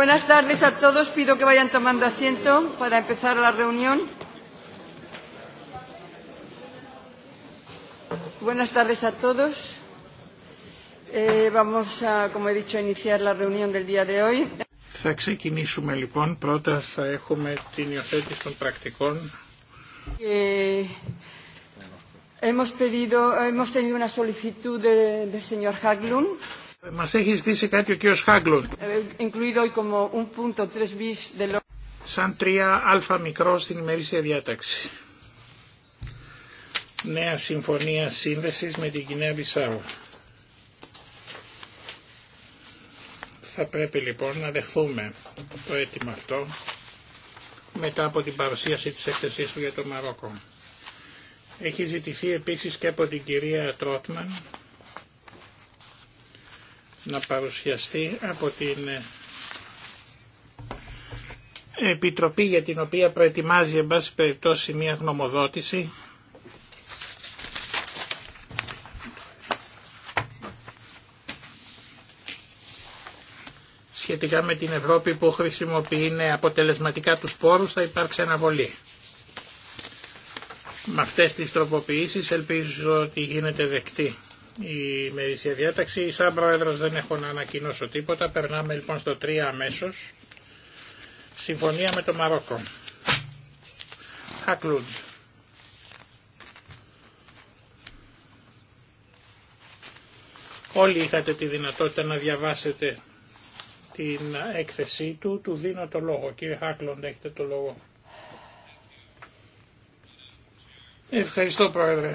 Buenas tardes a todos. Pido que vayan tomando asiento para empezar la reunión. Buenas tardes a todos. vamos a, como he dicho, iniciar la reunión del día de hoy. Θα ξεκινήσουμε λοιπόν. Πρώτα θα έχουμε την υιοθέτηση των πρακτικών. hemos, pedido, hemos tenido una solicitud del señor μας έχει ζητήσει κάτι ο κύριος Χάγκλον. Ε, Σαν 3α μικρό στην ημερήσια διάταξη. Νέα συμφωνία σύνδεσης με την Κινέα Μπισάου. Θα πρέπει λοιπόν να δεχθούμε το αίτημα αυτό μετά από την παρουσίαση της έκθεσής του για το Μαρόκο. Έχει ζητηθεί επίσης και από την κυρία Τρότμαν να παρουσιαστεί από την Επιτροπή για την οποία προετοιμάζει εν πάση περιπτώσει μια γνωμοδότηση σχετικά με την Ευρώπη που χρησιμοποιεί αποτελεσματικά τους πόρους θα υπάρξει αναβολή. Με αυτές τις τροποποιήσεις ελπίζω ότι γίνεται δεκτή η μερίσια διάταξη. Σαν πρόεδρο δεν έχω να ανακοινώσω τίποτα. Περνάμε λοιπόν στο 3 αμέσω. Συμφωνία με το Μαρόκο. Χακλούντ. Όλοι είχατε τη δυνατότητα να διαβάσετε την έκθεσή του. Του δίνω το λόγο. Κύριε Χάκλοντ, έχετε το λόγο. Ευχαριστώ, Πρόεδρε.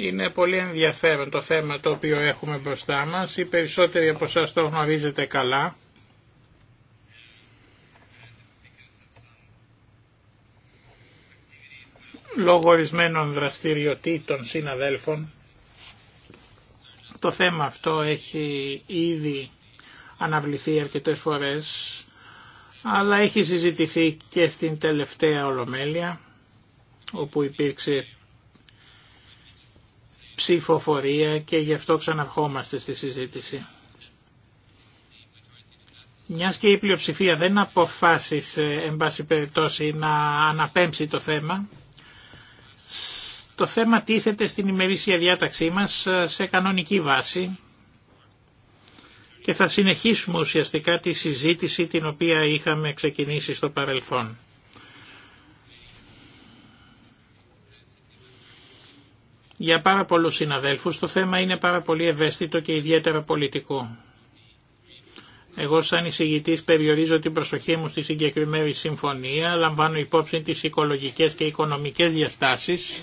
Είναι πολύ ενδιαφέρον το θέμα το οποίο έχουμε μπροστά μας. Οι περισσότεροι από εσάς το γνωρίζετε καλά. Λόγω ορισμένων δραστηριοτήτων συναδέλφων, το θέμα αυτό έχει ήδη αναβληθεί αρκετές φορές, αλλά έχει συζητηθεί και στην τελευταία Ολομέλεια, όπου υπήρξε ψηφοφορία και γι' αυτό ξαναρχόμαστε στη συζήτηση. Μιας και η πλειοψηφία δεν αποφάσισε, εν πάση περιπτώσει, να αναπέμψει το θέμα, το θέμα τίθεται στην ημερήσια διάταξή μας σε κανονική βάση και θα συνεχίσουμε ουσιαστικά τη συζήτηση την οποία είχαμε ξεκινήσει στο παρελθόν. Για πάρα πολλούς συναδέλφους το θέμα είναι πάρα πολύ ευαίσθητο και ιδιαίτερα πολιτικό. Εγώ σαν εισηγητής περιορίζω την προσοχή μου στη συγκεκριμένη συμφωνία, λαμβάνω υπόψη τις οικολογικές και οικονομικές διαστάσεις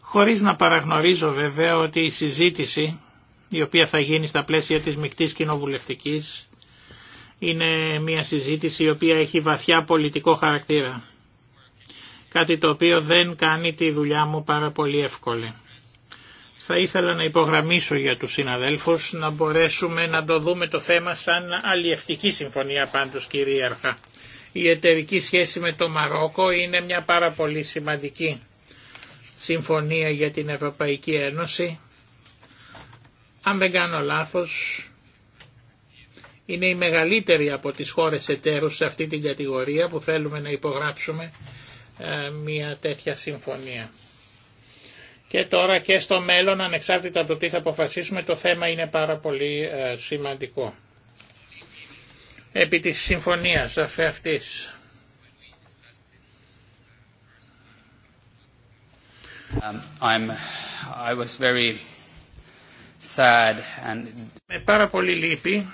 χωρίς να παραγνωρίζω βέβαια ότι η συζήτηση η οποία θα γίνει στα πλαίσια της μικτής κοινοβουλευτικής είναι μια συζήτηση η οποία έχει βαθιά πολιτικό χαρακτήρα. Κάτι το οποίο δεν κάνει τη δουλειά μου πάρα πολύ εύκολη. Θα ήθελα να υπογραμμίσω για τους συναδέλφους να μπορέσουμε να το δούμε το θέμα σαν αλλιευτική συμφωνία πάντως κυρίαρχα. Η εταιρική σχέση με το Μαρόκο είναι μια πάρα πολύ σημαντική συμφωνία για την Ευρωπαϊκή Ένωση. Αν δεν κάνω λάθος, είναι η μεγαλύτερη από τις χώρες εταίρους σε αυτή την κατηγορία που θέλουμε να υπογράψουμε ε, μια τέτοια συμφωνία. Και τώρα και στο μέλλον, ανεξάρτητα από το τι θα αποφασίσουμε, το θέμα είναι πάρα πολύ ε, σημαντικό. Επί της συμφωνίας αυτής. Um, I'm, Με πάρα πολύ λύπη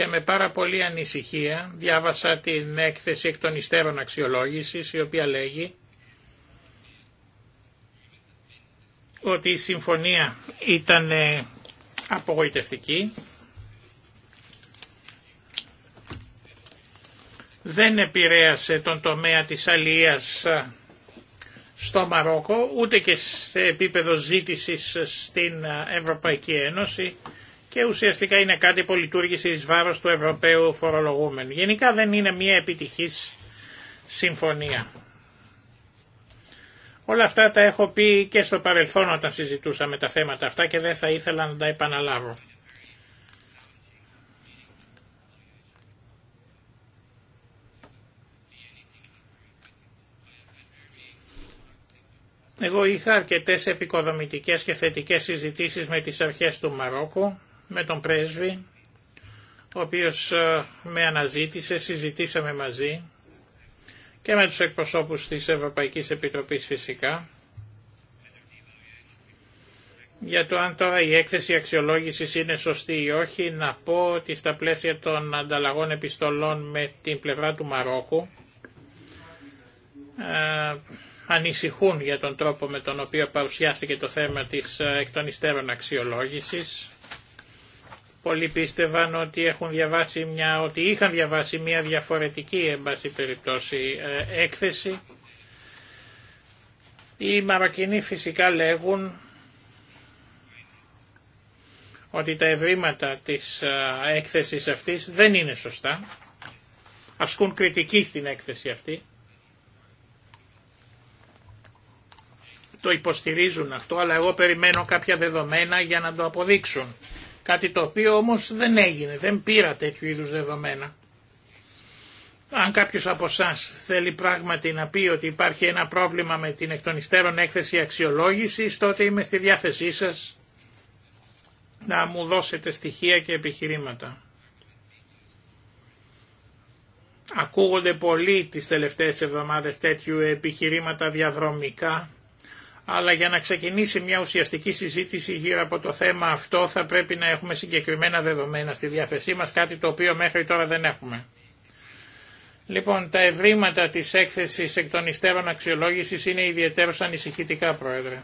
και με πάρα πολύ ανησυχία διάβασα την έκθεση εκ των υστέρων αξιολόγησης η οποία λέγει ότι η συμφωνία ήταν ε, απογοητευτική δεν επηρέασε τον τομέα της αλίας ε, στο Μαρόκο ούτε και σε επίπεδο ζήτησης στην ε, Ευρωπαϊκή Ένωση και ουσιαστικά είναι κάτι που λειτουργήσε εις βάρος του Ευρωπαίου φορολογούμενου. Γενικά δεν είναι μια επιτυχής συμφωνία. Όλα αυτά τα έχω πει και στο παρελθόν όταν συζητούσαμε τα θέματα αυτά και δεν θα ήθελα να τα επαναλάβω. Εγώ είχα αρκετές επικοδομητικές και θετικές συζητήσεις με τις αρχές του Μαρόκου με τον πρέσβη, ο οποίος ε, με αναζήτησε, συζητήσαμε μαζί και με τους εκπροσώπους της Ευρωπαϊκής Επιτροπής φυσικά για το αν τώρα η έκθεση αξιολόγησης είναι σωστή ή όχι, να πω ότι στα πλαίσια των ανταλλαγών επιστολών με την πλευρά του Μαρόκου ε, ανησυχούν για τον τρόπο με τον οποίο παρουσιάστηκε το θέμα της ε, εκ των αξιολόγησης. Πολλοί πίστευαν ότι, έχουν διαβάσει μια, ότι είχαν διαβάσει μια διαφορετική εν πάση περιπτώσει ε, έκθεση. Οι Μαροκινοί φυσικά λέγουν ότι τα ευρήματα της ε, έκθεσης αυτής δεν είναι σωστά. Ασκούν κριτική στην έκθεση αυτή. Το υποστηρίζουν αυτό, αλλά εγώ περιμένω κάποια δεδομένα για να το αποδείξουν. Κάτι το οποίο όμως δεν έγινε, δεν πήρα τέτοιου είδους δεδομένα. Αν κάποιος από εσά θέλει πράγματι να πει ότι υπάρχει ένα πρόβλημα με την εκ των υστέρων έκθεση αξιολόγησης, τότε είμαι στη διάθεσή σας να μου δώσετε στοιχεία και επιχειρήματα. Ακούγονται πολύ τις τελευταίες εβδομάδες τέτοιου επιχειρήματα διαδρομικά αλλά για να ξεκινήσει μια ουσιαστική συζήτηση γύρω από το θέμα αυτό θα πρέπει να έχουμε συγκεκριμένα δεδομένα στη διάθεσή μας, κάτι το οποίο μέχρι τώρα δεν έχουμε. Λοιπόν, τα ευρήματα της έκθεσης εκ των υστέρων αξιολόγησης είναι ιδιαίτερως ανησυχητικά, Πρόεδρε.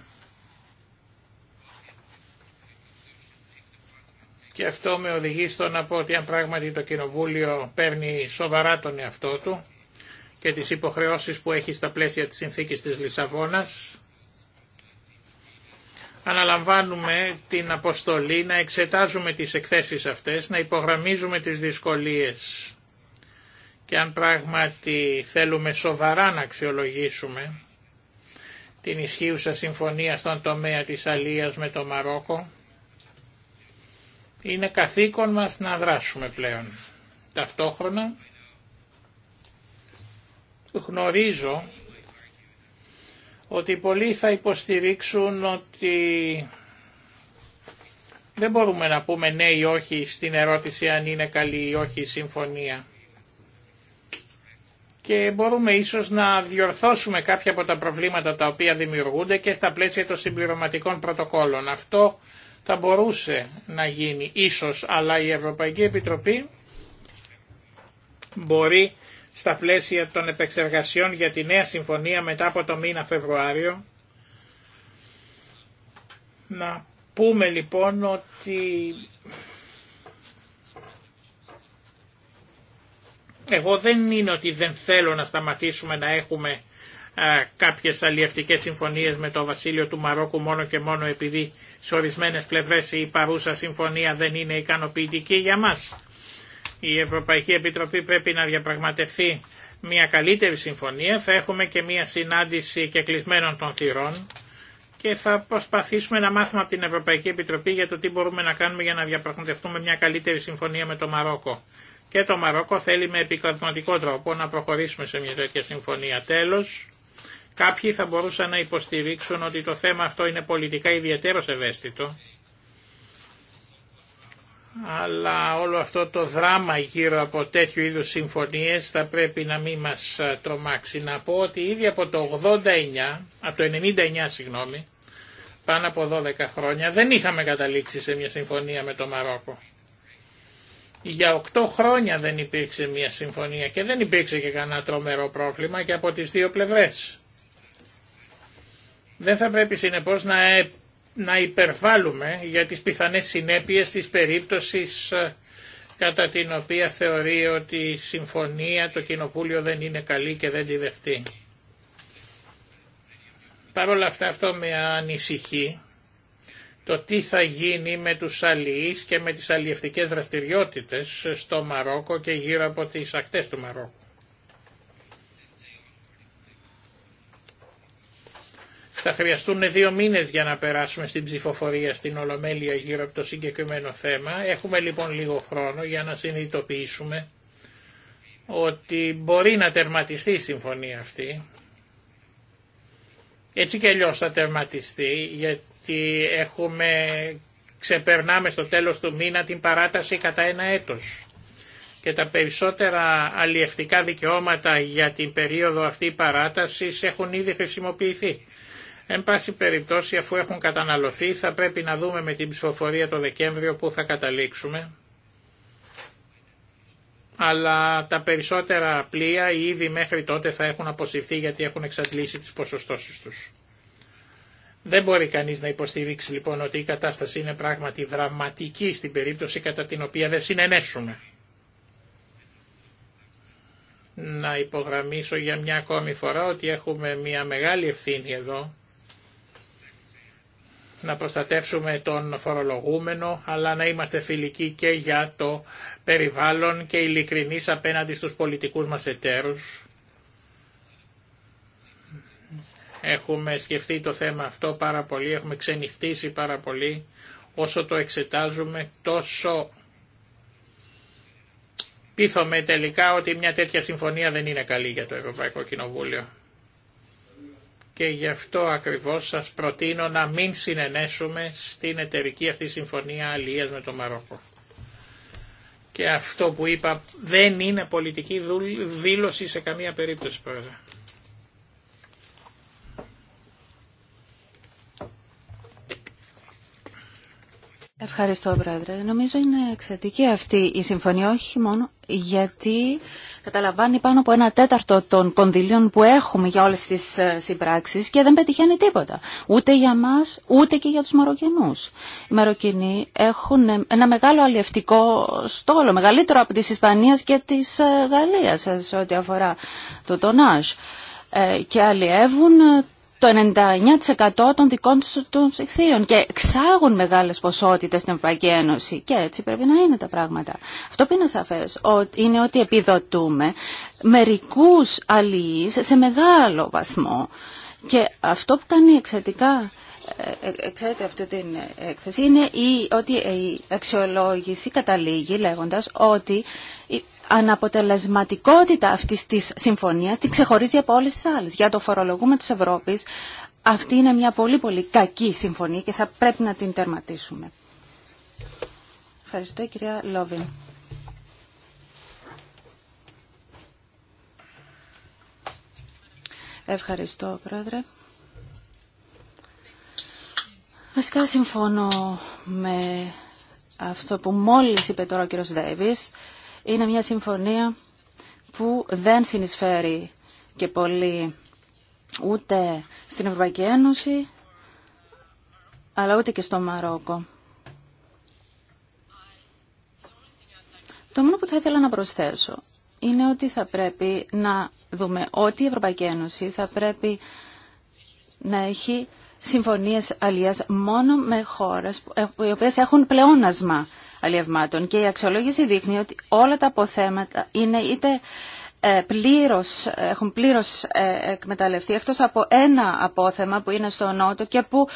Και αυτό με οδηγεί στο να πω ότι αν πράγματι το Κοινοβούλιο παίρνει σοβαρά τον εαυτό του και τις υποχρεώσεις που έχει στα πλαίσια της συνθήκης της Λισαβόνας, αναλαμβάνουμε την αποστολή να εξετάζουμε τις εκθέσεις αυτές, να υπογραμμίζουμε τις δυσκολίες και αν πράγματι θέλουμε σοβαρά να αξιολογήσουμε την ισχύουσα συμφωνία στον τομέα της Αλίας με το Μαρόκο, είναι καθήκον μας να δράσουμε πλέον. Ταυτόχρονα γνωρίζω ότι πολλοί θα υποστηρίξουν ότι δεν μπορούμε να πούμε ναι ή όχι στην ερώτηση αν είναι καλή ή όχι η συμφωνία. Και μπορούμε ίσως να διορθώσουμε κάποια από τα προβλήματα τα οποία δημιουργούνται και στα πλαίσια των συμπληρωματικών πρωτοκόλων. Αυτό θα μπορούσε να γίνει ίσως, αλλά η Ευρωπαϊκή Επιτροπή μπορεί στα πλαίσια των επεξεργασιών για τη νέα συμφωνία μετά από το μήνα Φεβρουάριο. Να πούμε λοιπόν ότι εγώ δεν είναι ότι δεν θέλω να σταματήσουμε να έχουμε κάποιες αλλιευτικές συμφωνίες με το βασίλειο του Μαρόκου μόνο και μόνο επειδή σε ορισμένες πλευρές η παρούσα συμφωνία δεν είναι ικανοποιητική για μας η Ευρωπαϊκή Επιτροπή πρέπει να διαπραγματευτεί μια καλύτερη συμφωνία. Θα έχουμε και μια συνάντηση και κλεισμένων των θυρών και θα προσπαθήσουμε να μάθουμε από την Ευρωπαϊκή Επιτροπή για το τι μπορούμε να κάνουμε για να διαπραγματευτούμε μια καλύτερη συμφωνία με το Μαρόκο. Και το Μαρόκο θέλει με επικρατηματικό τρόπο να προχωρήσουμε σε μια τέτοια συμφωνία. τέλο. κάποιοι θα μπορούσαν να υποστηρίξουν ότι το θέμα αυτό είναι πολιτικά ιδιαίτερο ευαίσθητο αλλά όλο αυτό το δράμα γύρω από τέτοιου είδους συμφωνίες θα πρέπει να μην μας ε, τρομάξει. Να πω ότι ήδη από το 89, από το 99 συγγνώμη, πάνω από 12 χρόνια δεν είχαμε καταλήξει σε μια συμφωνία με το Μαρόκο. Για 8 χρόνια δεν υπήρξε μια συμφωνία και δεν υπήρξε και κανένα τρομερό πρόβλημα και από τις δύο πλευρές. Δεν θα πρέπει συνεπώς να να υπερβάλλουμε για τις πιθανές συνέπειες της περίπτωσης ε, κατά την οποία θεωρεί ότι η συμφωνία το κοινοβούλιο δεν είναι καλή και δεν τη δεχτεί. Παρ' όλα αυτά αυτό με ανησυχεί το τι θα γίνει με τους αλληλείς και με τις αλλιευτικές δραστηριότητες στο Μαρόκο και γύρω από τις ακτές του Μαρόκου. Θα χρειαστούν δύο μήνες για να περάσουμε στην ψηφοφορία στην Ολομέλεια γύρω από το συγκεκριμένο θέμα. Έχουμε λοιπόν λίγο χρόνο για να συνειδητοποιήσουμε ότι μπορεί να τερματιστεί η συμφωνία αυτή. Έτσι και αλλιώς θα τερματιστεί γιατί έχουμε, ξεπερνάμε στο τέλος του μήνα την παράταση κατά ένα έτος και τα περισσότερα αλλιευτικά δικαιώματα για την περίοδο αυτή παράτασης έχουν ήδη χρησιμοποιηθεί. Εν πάση περιπτώσει αφού έχουν καταναλωθεί θα πρέπει να δούμε με την ψηφοφορία το Δεκέμβριο που θα καταλήξουμε. Αλλά τα περισσότερα πλοία ήδη μέχρι τότε θα έχουν αποσυρθεί γιατί έχουν εξαντλήσει τις ποσοστώσεις τους. Δεν μπορεί κανείς να υποστηρίξει λοιπόν ότι η κατάσταση είναι πράγματι δραματική στην περίπτωση κατά την οποία δεν συνενέσουμε. Να υπογραμμίσω για μια ακόμη φορά ότι έχουμε μια μεγάλη ευθύνη εδώ να προστατεύσουμε τον φορολογούμενο, αλλά να είμαστε φιλικοί και για το περιβάλλον και ειλικρινείς απέναντι στους πολιτικούς μας εταίρους. Έχουμε σκεφτεί το θέμα αυτό πάρα πολύ, έχουμε ξενυχτήσει πάρα πολύ. Όσο το εξετάζουμε τόσο πείθομαι τελικά ότι μια τέτοια συμφωνία δεν είναι καλή για το Ευρωπαϊκό Κοινοβούλιο και γι' αυτό ακριβώς σας προτείνω να μην συνενέσουμε στην εταιρική αυτή συμφωνία αλληλίας με το Μαρόκο. Και αυτό που είπα δεν είναι πολιτική δήλωση σε καμία περίπτωση πρόεδρε. Ευχαριστώ, Πρόεδρε. Νομίζω είναι εξαιρετική αυτή η συμφωνία, όχι μόνο γιατί καταλαμβάνει πάνω από ένα τέταρτο των κονδυλίων που έχουμε για όλες τις ε, συμπράξεις και δεν πετυχαίνει τίποτα. Ούτε για μας, ούτε και για τους Μαροκινούς. Οι Μαροκινοί έχουν ε, ένα μεγάλο αλλιευτικό στόλο, μεγαλύτερο από της Ισπανίας και της ε, Γαλλίας σε ό,τι αφορά το τονάζ και αλλιεύουν το 99% των δικών τους των και εξάγουν μεγάλες ποσότητες στην Ευρωπαϊκή Ένωση και έτσι πρέπει να είναι τα πράγματα. Αυτό που είναι σαφές είναι ότι επιδοτούμε μερικούς αλληλείς σε μεγάλο βαθμό και αυτό που κάνει εξαιρετικά ε, ε, αυτή την έκθεση είναι η, ότι η αξιολόγηση καταλήγει λέγοντας ότι αναποτελεσματικότητα αυτής της συμφωνίας την ξεχωρίζει από όλες τις άλλες. Για το φορολογούμε της Ευρώπης αυτή είναι μια πολύ πολύ κακή συμφωνία και θα πρέπει να την τερματίσουμε. Ευχαριστώ κυρία Λόβιν. Ευχαριστώ πρόεδρε. Βασικά συμφωνώ με αυτό που μόλις είπε τώρα ο κύριος Δέβης είναι μια συμφωνία που δεν συνεισφέρει και πολύ ούτε στην Ευρωπαϊκή Ένωση, αλλά ούτε και στο Μαρόκο. Το μόνο που θα ήθελα να προσθέσω είναι ότι θα πρέπει να δούμε ότι η Ευρωπαϊκή Ένωση θα πρέπει να έχει συμφωνίες αλίας μόνο με χώρες ε, οι οποίες έχουν πλεόνασμα αλλιευμάτων και η αξιολόγηση δείχνει ότι όλα τα αποθέματα είναι είτε ε, πλήρως, έχουν πλήρως ε, εκμεταλλευτεί εκτός από ένα απόθεμα που είναι στο νότο και που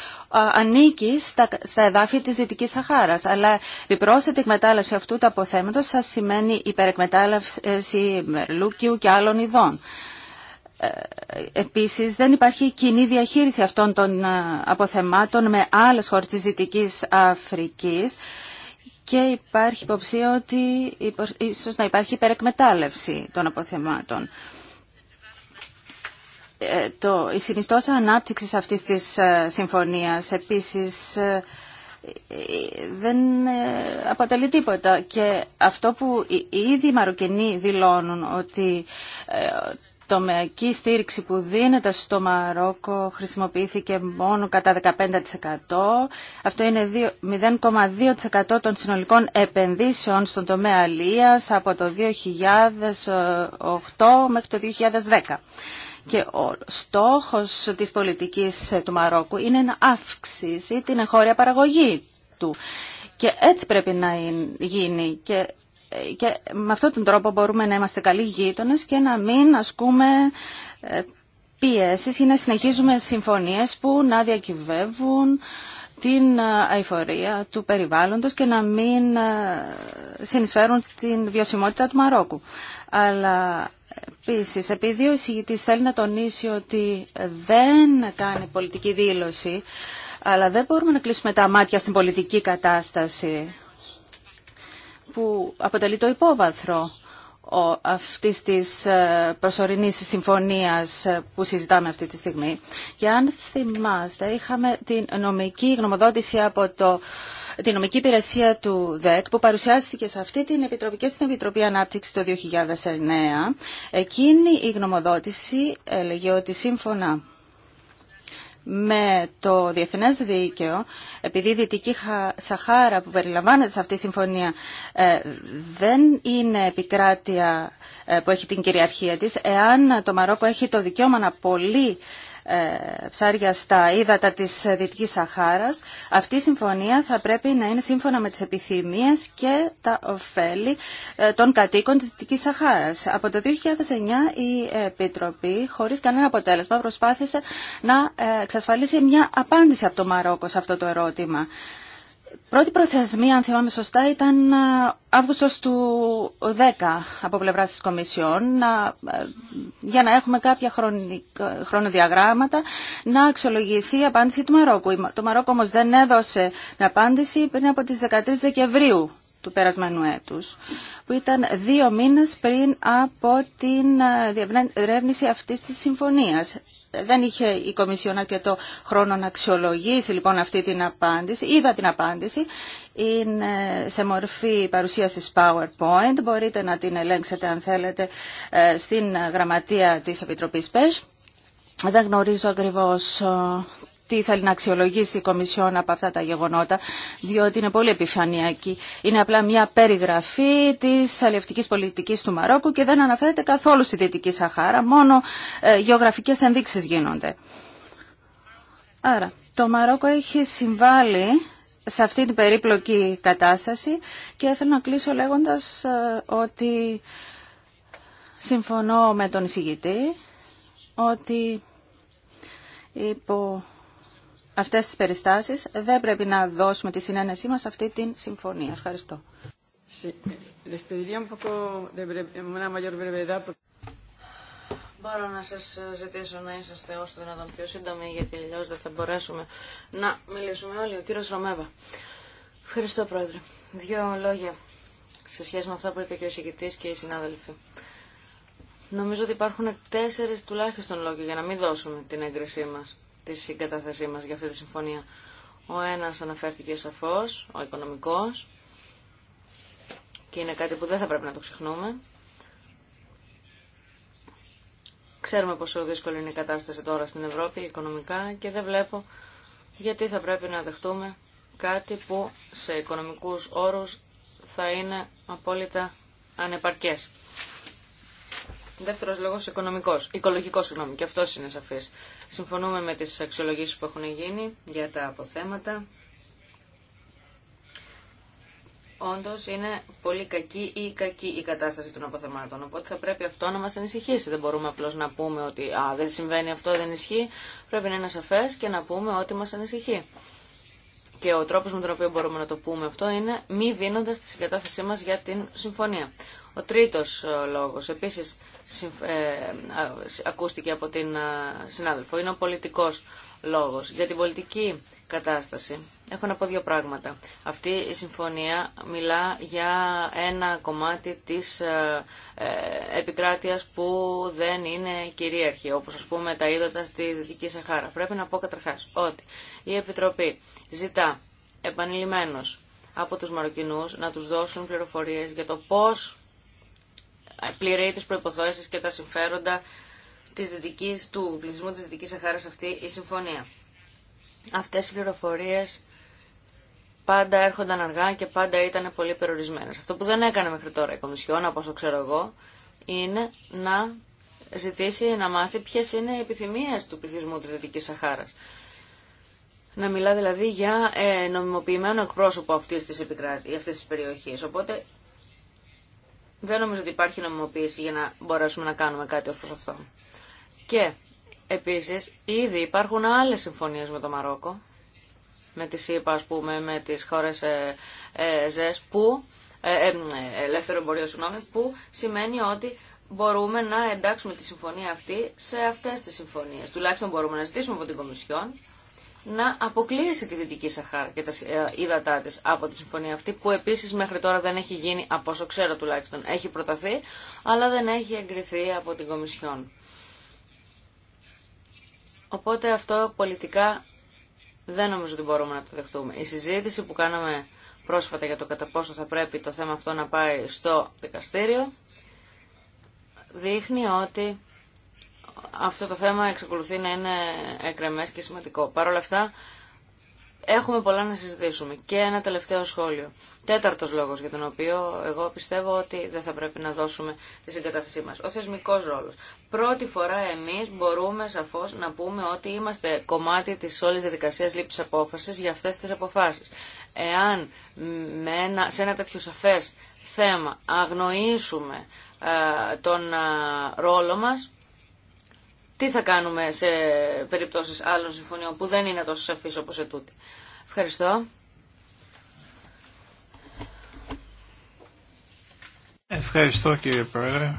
ανήκει στα, στα εδάφη της Δυτικής Σαχάρας. Αλλά η πρόσθετη εκμετάλλευση αυτού του αποθέματος θα σημαίνει υπερεκμετάλλευση λούκιου και άλλων ειδών. Ε, επίσης δεν υπάρχει κοινή διαχείριση αυτών των αποθεμάτων με άλλες χώρες της Δυτικής Αφρικής και υπάρχει υποψία ότι ίσως να υπάρχει υπερεκμετάλλευση των αποθεμάτων. Ε, το, η συνιστόσα ανάπτυξης αυτής της ε, συμφωνίας επίσης ε, δεν αποτελεί τίποτα και αυτό που οι ήδη Μαροκινοί δηλώνουν ότι τομεακή στήριξη που δίνεται στο Μαρόκο χρησιμοποιήθηκε μόνο κατά 15%. Αυτό είναι 0,2% των συνολικών επενδύσεων στον τομέα αλίας από το 2008 μέχρι το 2010. Και ο στόχος της πολιτικής του Μαρόκου είναι να αυξήσει την εγχώρια παραγωγή του. Και έτσι πρέπει να γίνει. Και και με αυτόν τον τρόπο μπορούμε να είμαστε καλοί γείτονε και να μην ασκούμε ε, πιέσεις ή να συνεχίζουμε συμφωνίες που να διακυβεύουν την ε, αηφορία του περιβάλλοντος και να μην ε, συνεισφέρουν την βιωσιμότητα του Μαρόκου. Αλλά επίσης, επειδή ο εισηγητής θέλει να τονίσει ότι δεν κάνει πολιτική δήλωση, αλλά δεν μπορούμε να κλείσουμε τα μάτια στην πολιτική κατάσταση που αποτελεί το υπόβαθρο αυτής της ε, προσωρινής συμφωνίας ε, που συζητάμε αυτή τη στιγμή. Και αν θυμάστε, είχαμε την νομική γνωμοδότηση από το την νομική υπηρεσία του ΔΕΚ που παρουσιάστηκε σε αυτή την Επιτροπή και στην Επιτροπή Ανάπτυξη το 2009. Εκείνη η γνωμοδότηση έλεγε ότι σύμφωνα με το διεθνές δίκαιο, επειδή η Δυτική Σαχάρα που περιλαμβάνεται σε αυτή τη συμφωνία ε, δεν είναι επικράτεια ε, που έχει την κυριαρχία της, εάν το Μαρόκο έχει το δικαίωμα να πολύ ε, ψάρια στα ύδατα της Δυτικής Σαχάρας. Αυτή η συμφωνία θα πρέπει να είναι σύμφωνα με τις επιθυμίες και τα ωφέλη ε, των κατοίκων της Δυτικής Σαχάρας. Από το 2009 η Επιτροπή, χωρίς κανένα αποτέλεσμα, προσπάθησε να ε, εξασφαλίσει μια απάντηση από το Μαρόκο σε αυτό το ερώτημα. Πρώτη προθεσμία, αν θυμάμαι σωστά, ήταν ε, Αύγουστος του 10 από πλευρά της Κομισιόν να, ε, για να έχουμε κάποια χρονοδιαγράμματα να αξιολογηθεί η απάντηση του Μαρόκου. Το Μαρόκο όμω δεν έδωσε την απάντηση πριν από τις 13 Δεκεμβρίου του περασμένου έτους, που ήταν δύο μήνες πριν από την ε, διευρεύνηση αυτής της συμφωνίας. Δεν είχε η Κομισιόν αρκετό χρόνο να αξιολογήσει λοιπόν αυτή την απάντηση. Είδα την απάντηση. Είναι σε μορφή παρουσίασης PowerPoint. Μπορείτε να την ελέγξετε αν θέλετε ε, στην γραμματεία της Επιτροπής ΠΕΣ. Δεν γνωρίζω ακριβώς ε, τι θέλει να αξιολογήσει η Κομισιόν από αυτά τα γεγονότα, διότι είναι πολύ επιφανειακή. Είναι απλά μια περιγραφή της αλληλευτικής πολιτικής του Μαρόκου και δεν αναφέρεται καθόλου στη Δυτική Σαχάρα, μόνο ε, γεωγραφικές ενδείξει γίνονται. Άρα, το Μαρόκο έχει συμβάλει σε αυτή την περίπλοκη κατάσταση και θέλω να κλείσω λέγοντας ε, ότι συμφωνώ με τον εισηγητή ότι υπό αυτές τις περιστάσεις δεν πρέπει να δώσουμε τη συνένεσή μας αυτή την συμφωνία. Ευχαριστώ. Μπορώ να σας ζητήσω να είσαστε όσο δυνατόν πιο σύντομοι, γιατί αλλιώ δεν θα μπορέσουμε να μιλήσουμε όλοι. Ο κύριος Ρωμέβα. Ευχαριστώ, Πρόεδρε. Δύο λόγια σε σχέση με αυτά που είπε και ο εισηγητής και οι συνάδελφοι. Νομίζω ότι υπάρχουν τέσσερις τουλάχιστον λόγια για να μην δώσουμε την έγκρισή μας τη συγκατάθεσή μας για αυτή τη συμφωνία. Ο ένας αναφέρθηκε σαφώς, ο οικονομικός, και είναι κάτι που δεν θα πρέπει να το ξεχνούμε. Ξέρουμε πόσο δύσκολη είναι η κατάσταση τώρα στην Ευρώπη οικονομικά και δεν βλέπω γιατί θα πρέπει να δεχτούμε κάτι που σε οικονομικούς όρους θα είναι απόλυτα ανεπαρκές. Δεύτερο λόγο οικονομικό, οικολογικό, συγγνώμη, και αυτό είναι σαφή. Συμφωνούμε με τι αξιολογήσει που έχουν γίνει για τα αποθέματα. Όντω είναι πολύ κακή ή κακή η κατάσταση των αποθεμάτων. Οπότε θα πρέπει αυτό να μα ανησυχήσει. Δεν μπορούμε απλώ να πούμε ότι α, δεν συμβαίνει αυτό, δεν ισχύει. Πρέπει να είναι σαφέ και να πούμε ότι μα ανησυχεί. Και ο τρόπο με τον οποίο μπορούμε να το πούμε αυτό είναι μη δίνοντα τη συγκατάθεσή μα για την συμφωνία. Ο τρίτος ε, λόγος, επίσης ε, ακούστηκε από την ε, συνάδελφο, είναι ο πολιτικός λόγος. Για την πολιτική κατάσταση έχω να πω δύο πράγματα. Αυτή η συμφωνία μιλά για ένα κομμάτι της επικράτειας που δεν είναι κυρίαρχη, όπως ας πούμε τα είδατα στη Δυτική Σαχάρα. Πρέπει να πω καταρχάς ότι η Επιτροπή ζητά επανειλημμένως από τους Μαροκινούς να τους δώσουν πληροφορίες για το πώς πληρεί τι προποθέσει και τα συμφέροντα της δυτικής, του πληθυσμού τη Δυτική Σαχάρα αυτή η συμφωνία. Αυτέ οι πληροφορίε πάντα έρχονταν αργά και πάντα ήταν πολύ περιορισμένε. Αυτό που δεν έκανε μέχρι τώρα η Κομισιόν, από όσο ξέρω εγώ, είναι να ζητήσει να μάθει ποιε είναι οι επιθυμίε του πληθυσμού τη Δυτική Σαχάρα. Να μιλά δηλαδή για ε, νομιμοποιημένο εκπρόσωπο αυτή τη περιοχή. Οπότε δεν νομίζω ότι υπάρχει νομιμοποίηση για να μπορέσουμε να κάνουμε κάτι ω. προς αυτό. Και επίσης ήδη υπάρχουν άλλες συμφωνίε με το Μαρόκο, με τι ΣΥΠΑ με τις χώρες ε, ε, που, ε, ε, ε, ελεύθερο εμπορίο που σημαίνει ότι μπορούμε να εντάξουμε τη συμφωνία αυτή σε αυτές τις συμφωνίες. Τουλάχιστον μπορούμε να ζητήσουμε από την Κομισιόν να αποκλείσει τη Δυτική Σαχάρα και τα ε, ύδατά της από τη συμφωνία αυτή, που επίσης μέχρι τώρα δεν έχει γίνει, από όσο ξέρω τουλάχιστον, έχει προταθεί, αλλά δεν έχει εγκριθεί από την Κομισιόν. Οπότε αυτό πολιτικά δεν νομίζω ότι μπορούμε να το δεχτούμε. Η συζήτηση που κάναμε πρόσφατα για το κατά πόσο θα πρέπει το θέμα αυτό να πάει στο δικαστήριο δείχνει ότι αυτό το θέμα εξακολουθεί να είναι εκρεμές και σημαντικό. Παρ' όλα αυτά, έχουμε πολλά να συζητήσουμε. Και ένα τελευταίο σχόλιο. Τέταρτος λόγος για τον οποίο εγώ πιστεύω ότι δεν θα πρέπει να δώσουμε τη συγκατάθεσή μας. Ο θεσμικός ρόλος. Πρώτη φορά εμείς μπορούμε σαφώς να πούμε ότι είμαστε κομμάτι της όλης διαδικασίας λήψης απόφασης για αυτές τις αποφάσεις. Εάν με ένα, σε ένα τέτοιο σαφές θέμα αγνοήσουμε ε, τον ε, ρόλο μας, τι θα κάνουμε σε περιπτώσεις άλλων συμφωνιών που δεν είναι τόσο σαφείς όπως τούτη. Ευχαριστώ. Ευχαριστώ κύριε Πρόεδρε.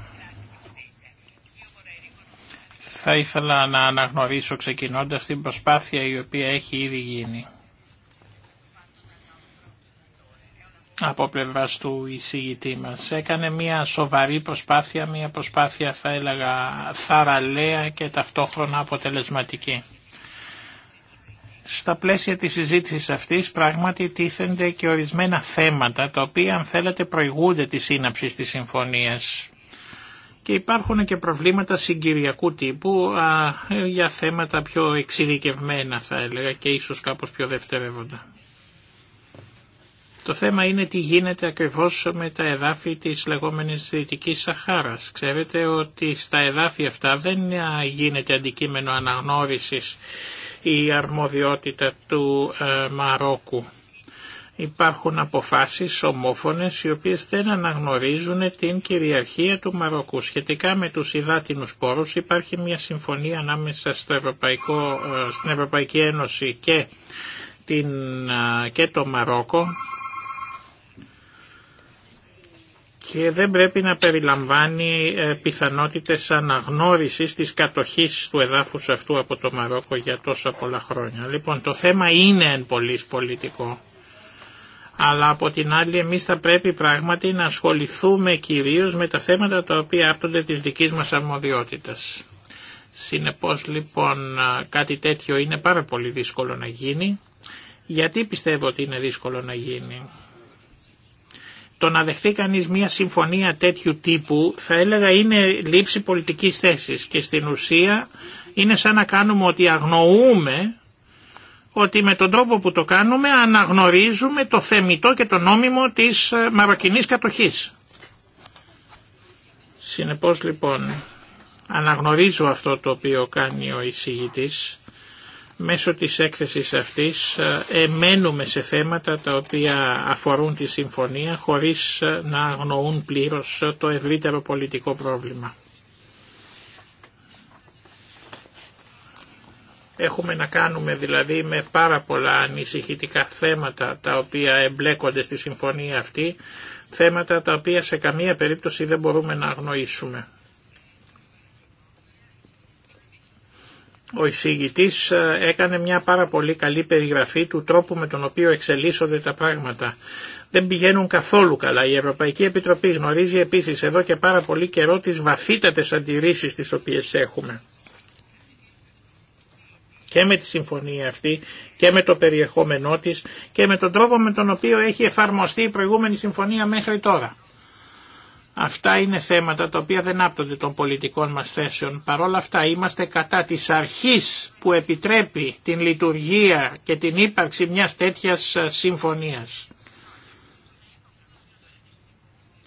Θα ήθελα να αναγνωρίσω ξεκινώντας την προσπάθεια η οποία έχει ήδη γίνει. από πλευρά του εισηγητή μα, Έκανε μια σοβαρή προσπάθεια, μια προσπάθεια θα έλεγα θαραλέα και ταυτόχρονα αποτελεσματική. Στα πλαίσια της συζήτησης αυτής πράγματι τίθενται και ορισμένα θέματα τα οποία αν θέλετε προηγούνται τη σύναψη της συμφωνίας και υπάρχουν και προβλήματα συγκυριακού τύπου για θέματα πιο εξειδικευμένα θα έλεγα και ίσως κάπως πιο δευτερεύοντα. Το θέμα είναι τι γίνεται ακριβώς με τα εδάφη της λεγόμενης Δυτικής Σαχάρας. Ξέρετε ότι στα εδάφη αυτά δεν γίνεται αντικείμενο αναγνώρισης η αρμοδιότητα του ε, Μαρόκου. Υπάρχουν αποφάσεις ομόφωνες οι οποίες δεν αναγνωρίζουν την κυριαρχία του Μαρόκου. Σχετικά με τους υδάτινους πόρους υπάρχει μια συμφωνία ανάμεσα στο Ευρωπαϊκό, ε, στην Ευρωπαϊκή Ένωση και ε, το Μαρόκο και δεν πρέπει να περιλαμβάνει ε, πιθανότητες αναγνώρισης της κατοχής του εδάφους αυτού από το Μαρόκο για τόσα πολλά χρόνια. Λοιπόν, το θέμα είναι εν πολιτικό. Αλλά από την άλλη εμείς θα πρέπει πράγματι να ασχοληθούμε κυρίως με τα θέματα τα οποία άπτονται της δικής μας αρμοδιότητας. Συνεπώς λοιπόν κάτι τέτοιο είναι πάρα πολύ δύσκολο να γίνει. Γιατί πιστεύω ότι είναι δύσκολο να γίνει το να δεχτεί κανείς μια συμφωνία τέτοιου τύπου θα έλεγα είναι λήψη πολιτικής θέσης και στην ουσία είναι σαν να κάνουμε ότι αγνοούμε ότι με τον τρόπο που το κάνουμε αναγνωρίζουμε το θεμητό και το νόμιμο της ε, μαροκινής κατοχής. Συνεπώς λοιπόν αναγνωρίζω αυτό το οποίο κάνει ο εισηγητής Μέσω της έκθεσης αυτής ε, εμένουμε σε θέματα τα οποία αφορούν τη συμφωνία χωρίς ε, να αγνοούν πλήρως ε, το ευρύτερο πολιτικό πρόβλημα. Έχουμε να κάνουμε δηλαδή με πάρα πολλά ανησυχητικά θέματα τα οποία εμπλέκονται στη συμφωνία αυτή, θέματα τα οποία σε καμία περίπτωση δεν μπορούμε να αγνοήσουμε. ο εισηγητής ε, έκανε μια πάρα πολύ καλή περιγραφή του τρόπου με τον οποίο εξελίσσονται τα πράγματα. Δεν πηγαίνουν καθόλου καλά. Η Ευρωπαϊκή Επιτροπή γνωρίζει επίσης εδώ και πάρα πολύ καιρό τις βαθύτατες αντιρρήσεις τις οποίες έχουμε. Και με τη συμφωνία αυτή και με το περιεχόμενό της και με τον τρόπο με τον οποίο έχει εφαρμοστεί η προηγούμενη συμφωνία μέχρι τώρα. Αυτά είναι θέματα τα οποία δεν άπτονται των πολιτικών μας θέσεων. Παρ' όλα αυτά είμαστε κατά της αρχής που επιτρέπει την λειτουργία και την ύπαρξη μιας τέτοιας συμφωνίας.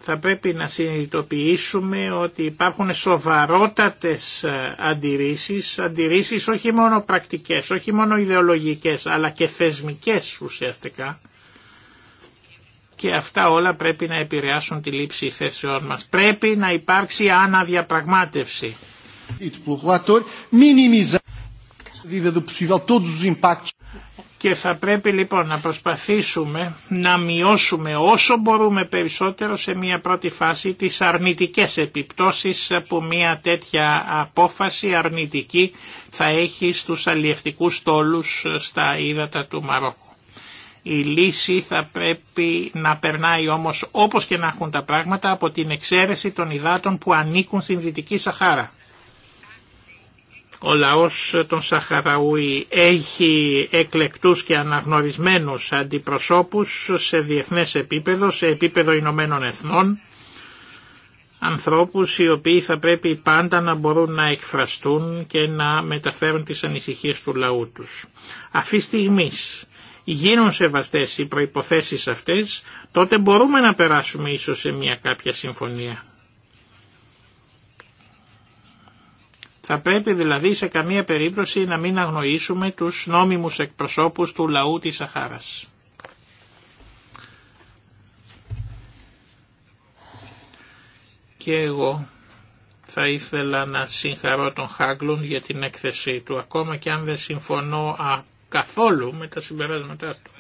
Θα πρέπει να συνειδητοποιήσουμε ότι υπάρχουν σοβαρότατες αντιρρήσεις, αντιρρήσεις όχι μόνο πρακτικές, όχι μόνο ιδεολογικές, αλλά και θεσμικές ουσιαστικά, και αυτά όλα πρέπει να επηρεάσουν τη λήψη θέσεών μας. Πρέπει να υπάρξει αναδιαπραγμάτευση. Και θα πρέπει λοιπόν να προσπαθήσουμε να μειώσουμε όσο μπορούμε περισσότερο σε μια πρώτη φάση τις αρνητικές επιπτώσεις που μια τέτοια απόφαση αρνητική θα έχει στους αλλιευτικούς τόλους στα ύδατα του Μαρόκου. Η λύση θα πρέπει να περνάει όμως όπως και να έχουν τα πράγματα από την εξαίρεση των υδάτων που ανήκουν στην Δυτική Σαχάρα. Ο λαός των Σαχαραούι έχει εκλεκτούς και αναγνωρισμένους αντιπροσώπους σε διεθνές επίπεδο, σε επίπεδο Ηνωμένων Εθνών, ανθρώπους οι οποίοι θα πρέπει πάντα να μπορούν να εκφραστούν και να μεταφέρουν τις ανησυχίες του λαού τους. Αυτή στιγμή γίνουν σεβαστές οι προϋποθέσεις αυτές, τότε μπορούμε να περάσουμε ίσως σε μια κάποια συμφωνία. Θα πρέπει δηλαδή σε καμία περίπτωση να μην αγνοήσουμε τους νόμιμους εκπροσώπους του λαού της Σαχάρας. Και εγώ θα ήθελα να συγχαρώ τον Χάγκλουν για την έκθεσή του, ακόμα και αν δεν συμφωνώ καθόλου με τα συμπεράσματά του.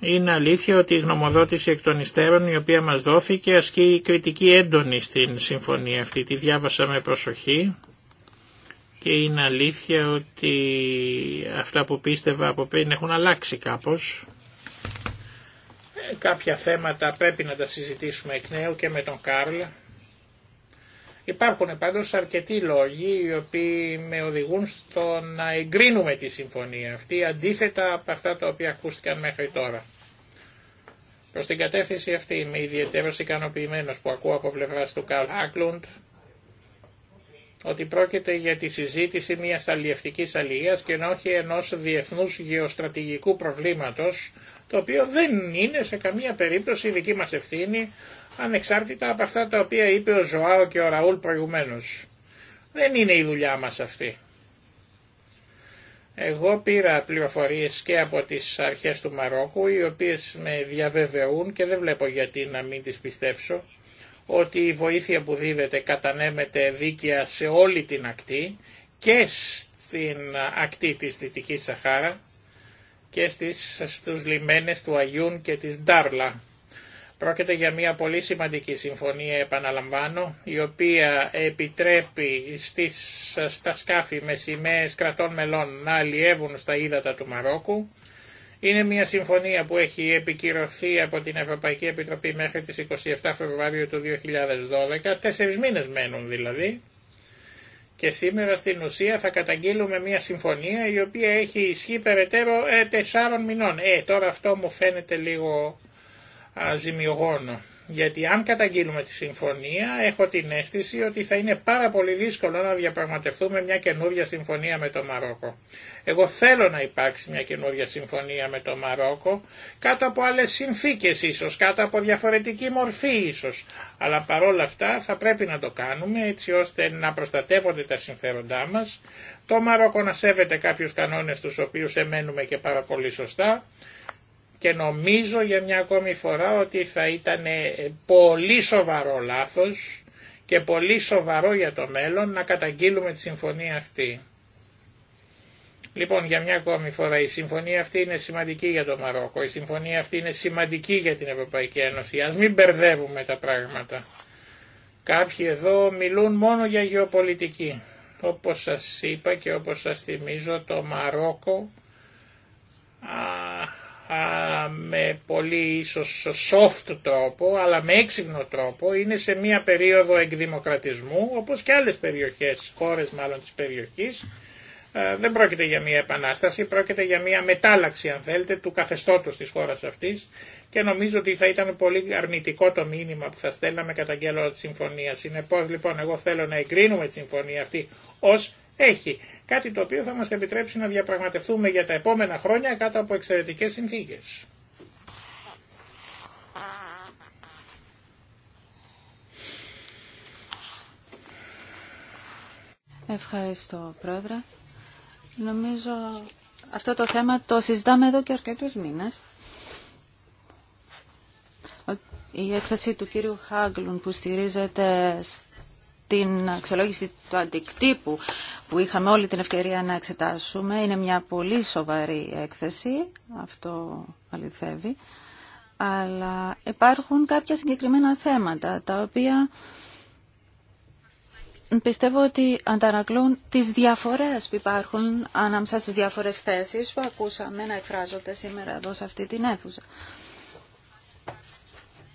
Είναι αλήθεια ότι η γνωμοδότηση εκ των υστέρων η οποία μας δόθηκε ασκεί κριτική έντονη στην συμφωνία αυτή. Τη διάβασα με προσοχή και είναι αλήθεια ότι αυτά που πίστευα από πριν έχουν αλλάξει κάπως. Ε, κάποια θέματα πρέπει να τα συζητήσουμε εκ νέου και με τον Κάρλ Υπάρχουν πάντως αρκετοί λόγοι οι οποίοι με οδηγούν στο να εγκρίνουμε τη συμφωνία αυτή αντίθετα από αυτά τα οποία ακούστηκαν μέχρι τώρα. Προς την κατεύθυνση αυτή είμαι ιδιαίτερο ικανοποιημένος που ακούω από πλευρά του Καρλ Άκλουντ ότι πρόκειται για τη συζήτηση μιας αλλιευτικής αλληλείας και όχι ενός διεθνούς γεωστρατηγικού προβλήματος, το οποίο δεν είναι σε καμία περίπτωση δική μας ευθύνη, ανεξάρτητα από αυτά τα οποία είπε ο Ζωάο και ο Ραούλ προηγουμένως. Δεν είναι η δουλειά μας αυτή. Εγώ πήρα πληροφορίες και από τις αρχές του Μαρόκου, οι οποίες με διαβεβαιούν και δεν βλέπω γιατί να μην τις πιστέψω, ότι η βοήθεια που δίδεται κατανέμεται δίκαια σε όλη την ακτή και στην ακτή της Δυτικής Σαχάρα και στις, στους λιμένες του Αγιούν και της Ντάρλα. Πρόκειται για μια πολύ σημαντική συμφωνία, επαναλαμβάνω, η οποία επιτρέπει στις, στα σκάφη με σημαίες κρατών μελών να αλλιεύουν στα ύδατα του Μαρόκου. Είναι μια συμφωνία που έχει επικυρωθεί από την Ευρωπαϊκή Επιτροπή μέχρι τις 27 Φεβρουάριου του 2012, τέσσερις μήνες μένουν δηλαδή. Και σήμερα στην ουσία θα καταγγείλουμε μια συμφωνία η οποία έχει ισχύ περαιτέρω ε, τεσσάρων μηνών. Ε, τώρα αυτό μου φαίνεται λίγο ζημιογόνο. Γιατί αν καταγγείλουμε τη συμφωνία, έχω την αίσθηση ότι θα είναι πάρα πολύ δύσκολο να διαπραγματευτούμε μια καινούργια συμφωνία με το Μαρόκο. Εγώ θέλω να υπάρξει μια καινούργια συμφωνία με το Μαρόκο, κάτω από άλλες συνθήκες ίσως, κάτω από διαφορετική μορφή ίσως. Αλλά παρόλα αυτά θα πρέπει να το κάνουμε έτσι ώστε να προστατεύονται τα συμφέροντά μας, το Μαρόκο να σέβεται κάποιους κανόνες τους οποίους εμένουμε και πάρα πολύ σωστά, και νομίζω για μια ακόμη φορά ότι θα ήταν ε, πολύ σοβαρό λάθος και πολύ σοβαρό για το μέλλον να καταγγείλουμε τη συμφωνία αυτή. Λοιπόν, για μια ακόμη φορά, η συμφωνία αυτή είναι σημαντική για το Μαρόκο, η συμφωνία αυτή είναι σημαντική για την Ευρωπαϊκή Ένωση. Ας μην μπερδεύουμε τα πράγματα. Κάποιοι εδώ μιλούν μόνο για γεωπολιτική. Όπως σας είπα και όπως σας θυμίζω, το Μαρόκο με πολύ ίσως soft τρόπο αλλά με έξυπνο τρόπο είναι σε μια περίοδο εκδημοκρατισμού όπως και άλλες περιοχές, χώρες μάλλον της περιοχής δεν πρόκειται για μια επανάσταση, πρόκειται για μια μετάλλαξη αν θέλετε του καθεστώτος της χώρας αυτής και νομίζω ότι θα ήταν πολύ αρνητικό το μήνυμα που θα στέλναμε κατά τη συμφωνία. Συνεπώς λοιπόν εγώ θέλω να εγκρίνουμε τη συμφωνία αυτή ως έχει. Κάτι το οποίο θα μας επιτρέψει να διαπραγματευτούμε για τα επόμενα χρόνια κάτω από εξαιρετικές συνθήκες. Ευχαριστώ, Πρόεδρε. Νομίζω αυτό το θέμα το συζητάμε εδώ και αρκετούς μήνες. Η έκθεση του κύριου Χάγκλουν που στηρίζεται την αξιολόγηση του αντικτύπου που είχαμε όλη την ευκαιρία να εξετάσουμε. Είναι μια πολύ σοβαρή έκθεση, αυτό αληθεύει. Αλλά υπάρχουν κάποια συγκεκριμένα θέματα τα οποία πιστεύω ότι αντανακλούν τις διαφορές που υπάρχουν ανάμεσα στις διάφορες θέσεις που ακούσαμε να εκφράζονται σήμερα εδώ σε αυτή την αίθουσα.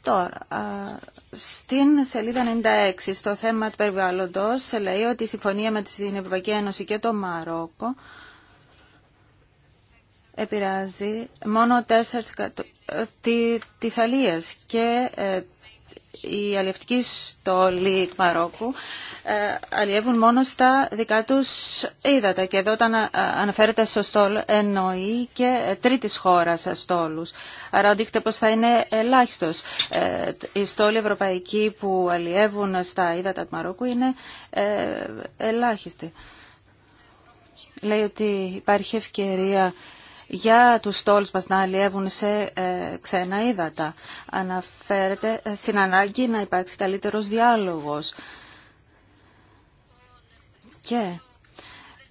Τώρα, στην σελίδα 96, στο θέμα του περιβάλλοντος, λέει ότι η συμφωνία με την Ευρωπαϊκή Ένωση και το Μαρόκο επηρεάζει μόνο 4% ε, της αλίες και ε, οι αλλιευτικοί στόλοι Μαρόκου ε, αλλιεύουν μόνο στα δικά τους ύδατα και εδώ όταν ε, αναφέρεται στο στόλο εννοεί και τρίτης χώρας στόλους. Άρα ο πως θα είναι ελάχιστος. Ε, οι στόλοι ευρωπαϊκοί που αλλιεύουν στα ύδατα του Μαρόκου είναι ελάχιστοι. Λέει ότι υπάρχει ευκαιρία για τους στόλους μας να αλλιεύουν σε ε, ξένα ύδατα. Αναφέρεται ε, στην ανάγκη να υπάρξει καλύτερος διάλογος. Και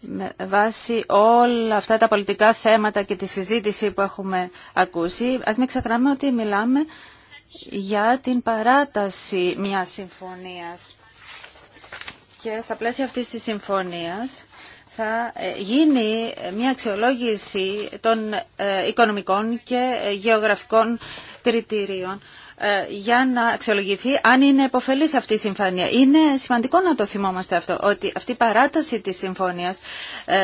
με βάση όλα αυτά τα πολιτικά θέματα και τη συζήτηση που έχουμε ακούσει, ας μην ξεχνάμε ότι μιλάμε για την παράταση μιας συμφωνίας. Και στα πλαίσια αυτής της συμφωνίας θα ε, γίνει μια αξιολόγηση των ε, οικονομικών και ε, γεωγραφικών κριτηρίων για να αξιολογηθεί αν είναι επωφελής αυτή η συμφωνία. Είναι σημαντικό να το θυμόμαστε αυτό, ότι αυτή η παράταση της συμφωνίας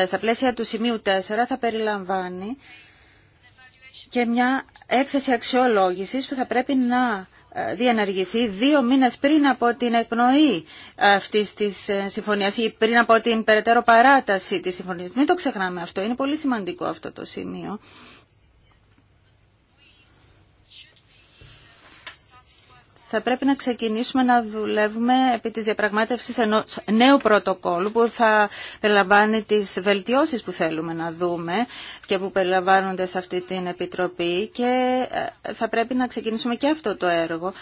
στα πλαίσια του σημείου 4 θα περιλαμβάνει και μια έκθεση αξιολόγησης που θα πρέπει να διενεργηθεί δύο μήνες πριν από την εκπνοή αυτής της ε, συμφωνίας ή πριν από την περαιτέρω παράταση της συμφωνίας. Μην το ξεχνάμε αυτό, είναι πολύ σημαντικό αυτό το σημείο. θα πρέπει να ξεκινήσουμε να δουλεύουμε επί της διαπραγμάτευσης ενός νέου πρωτοκόλλου που θα περιλαμβάνει τις βελτιώσεις που θέλουμε να δούμε και που περιλαμβάνονται σε αυτή την Επιτροπή και ε, θα πρέπει να ξεκινήσουμε και αυτό το έργο.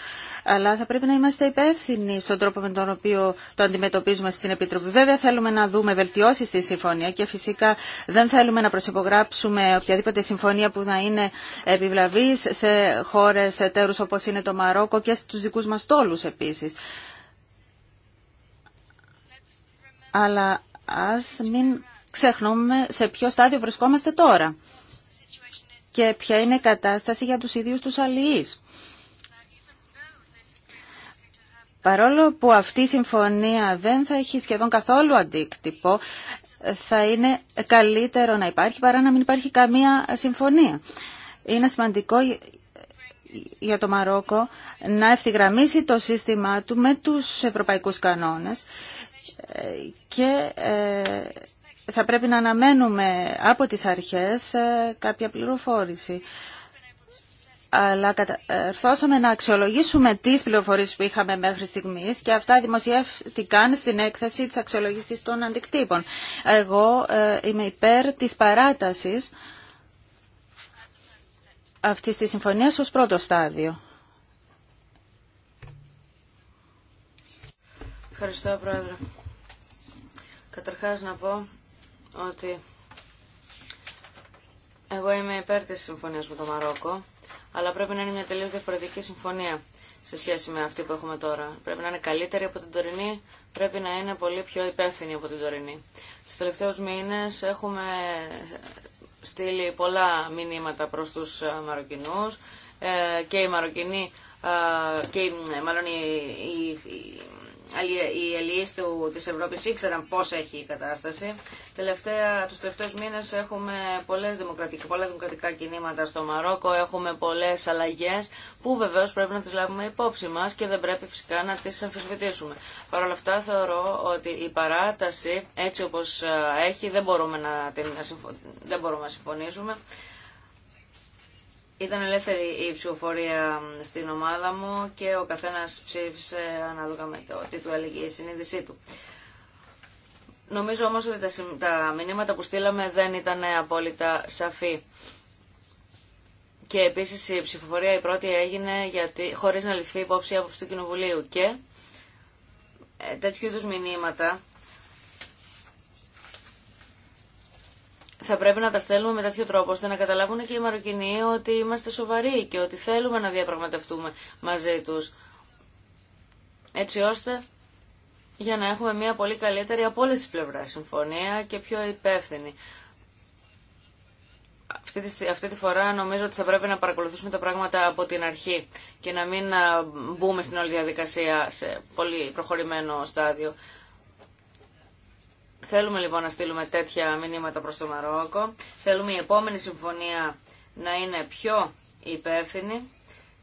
Αλλά θα πρέπει να είμαστε υπεύθυνοι στον τρόπο με τον οποίο το αντιμετωπίζουμε στην Επιτροπή. Βέβαια θέλουμε να δούμε βελτιώσεις στη συμφωνία και φυσικά δεν θέλουμε να προσυπογράψουμε οποιαδήποτε συμφωνία που να είναι επιβλαβής σε χώρες εταίρους όπως είναι το Μαρόκο και δικούς μας τόλους επίσης. Αλλά ας μην ξεχνούμε σε ποιο στάδιο βρισκόμαστε τώρα και ποια είναι η κατάσταση για τους ίδιους τους αλληλείς. Παρόλο που αυτή η συμφωνία δεν θα έχει σχεδόν καθόλου αντίκτυπο, θα είναι καλύτερο να υπάρχει παρά να μην υπάρχει καμία συμφωνία. Είναι σημαντικό για το Μαρόκο να ευθυγραμμίσει το σύστημά του με τους ευρωπαϊκούς κανόνες και ε, θα πρέπει να αναμένουμε από τις αρχές ε, κάποια πληροφόρηση. Αλλά καταρθώσαμε ε, να αξιολογήσουμε τις πληροφορίες που είχαμε μέχρι στιγμής και αυτά δημοσιεύτηκαν στην έκθεση της αξιολογήσης των αντικτύπων. Εγώ είμαι υπέρ της παράτασης αυτής της συμφωνίας ως πρώτο στάδιο. Ευχαριστώ, Πρόεδρε. Καταρχάς να πω ότι εγώ είμαι υπέρ της συμφωνίας με το Μαρόκο, αλλά πρέπει να είναι μια τελείως διαφορετική συμφωνία σε σχέση με αυτή που έχουμε τώρα. Πρέπει να είναι καλύτερη από την τωρινή, πρέπει να είναι πολύ πιο υπεύθυνη από την τωρινή. Στους τελευταίους μήνες έχουμε στείλει πολλά μηνύματα προς τους ε, Μαροκινούς ε, και οι Μαροκινοί ε, και μάλλον οι, οι αλληλείς τη της Ευρώπης ήξεραν πώς έχει η κατάσταση. Τελευταία, τους τελευταίους μήνες έχουμε πολλές πολλά δημοκρατικά κινήματα στο Μαρόκο, έχουμε πολλές αλλαγέ που βεβαίως πρέπει να τις λάβουμε υπόψη μα και δεν πρέπει φυσικά να τι αμφισβητήσουμε. Παρ' όλα αυτά θεωρώ ότι η παράταση έτσι όπω έχει δεν μπορούμε να, την, δεν μπορούμε να συμφωνήσουμε. Ήταν ελεύθερη η ψηφοφορία στην ομάδα μου και ο καθένας ψήφισε ανάλογα με το τι του έλεγε η συνείδησή του. Νομίζω όμως ότι τα μηνύματα που στείλαμε δεν ήταν απόλυτα σαφή. Και επίσης η ψηφοφορία η πρώτη έγινε γιατί, χωρίς να ληφθεί υπόψη από του Κοινοβουλίου. Και ε, τέτοιου είδου μηνύματα θα πρέπει να τα στέλνουμε με τέτοιο τρόπο ώστε να καταλάβουν και οι Μαροκινοί ότι είμαστε σοβαροί και ότι θέλουμε να διαπραγματευτούμε μαζί τους. Έτσι ώστε για να έχουμε μια πολύ καλύτερη από όλες τις συμφωνία και πιο υπεύθυνη. Αυτή τη, αυτή τη φορά νομίζω ότι θα πρέπει να παρακολουθήσουμε τα πράγματα από την αρχή και να μην μπούμε στην όλη διαδικασία σε πολύ προχωρημένο στάδιο. Θέλουμε λοιπόν να στείλουμε τέτοια μηνύματα προς το Μαρόκο. Θέλουμε η επόμενη συμφωνία να είναι πιο υπεύθυνη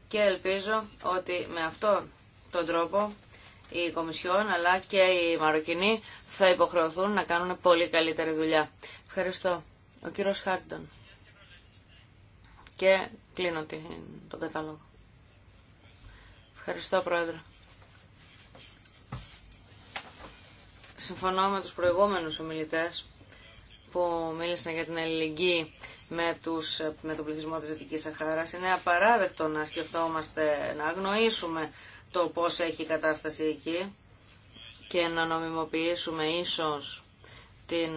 και ελπίζω ότι με αυτόν τον τρόπο η Κομισιόν αλλά και οι Μαροκινοί θα υποχρεωθούν να κάνουν πολύ καλύτερη δουλειά. Ευχαριστώ. Ο κύριος Χάκτον. Και κλείνω τον κατάλογο. Ευχαριστώ Πρόεδρε. Συμφωνώ με τους προηγούμενους ομιλητές που μίλησαν για την αλληλεγγύη με, τους, με τον πληθυσμό της Δυτικής Σαχάρας. Είναι απαράδεκτο να σκεφτόμαστε, να αγνοήσουμε το πώς έχει η κατάσταση εκεί και να νομιμοποιήσουμε ίσως την,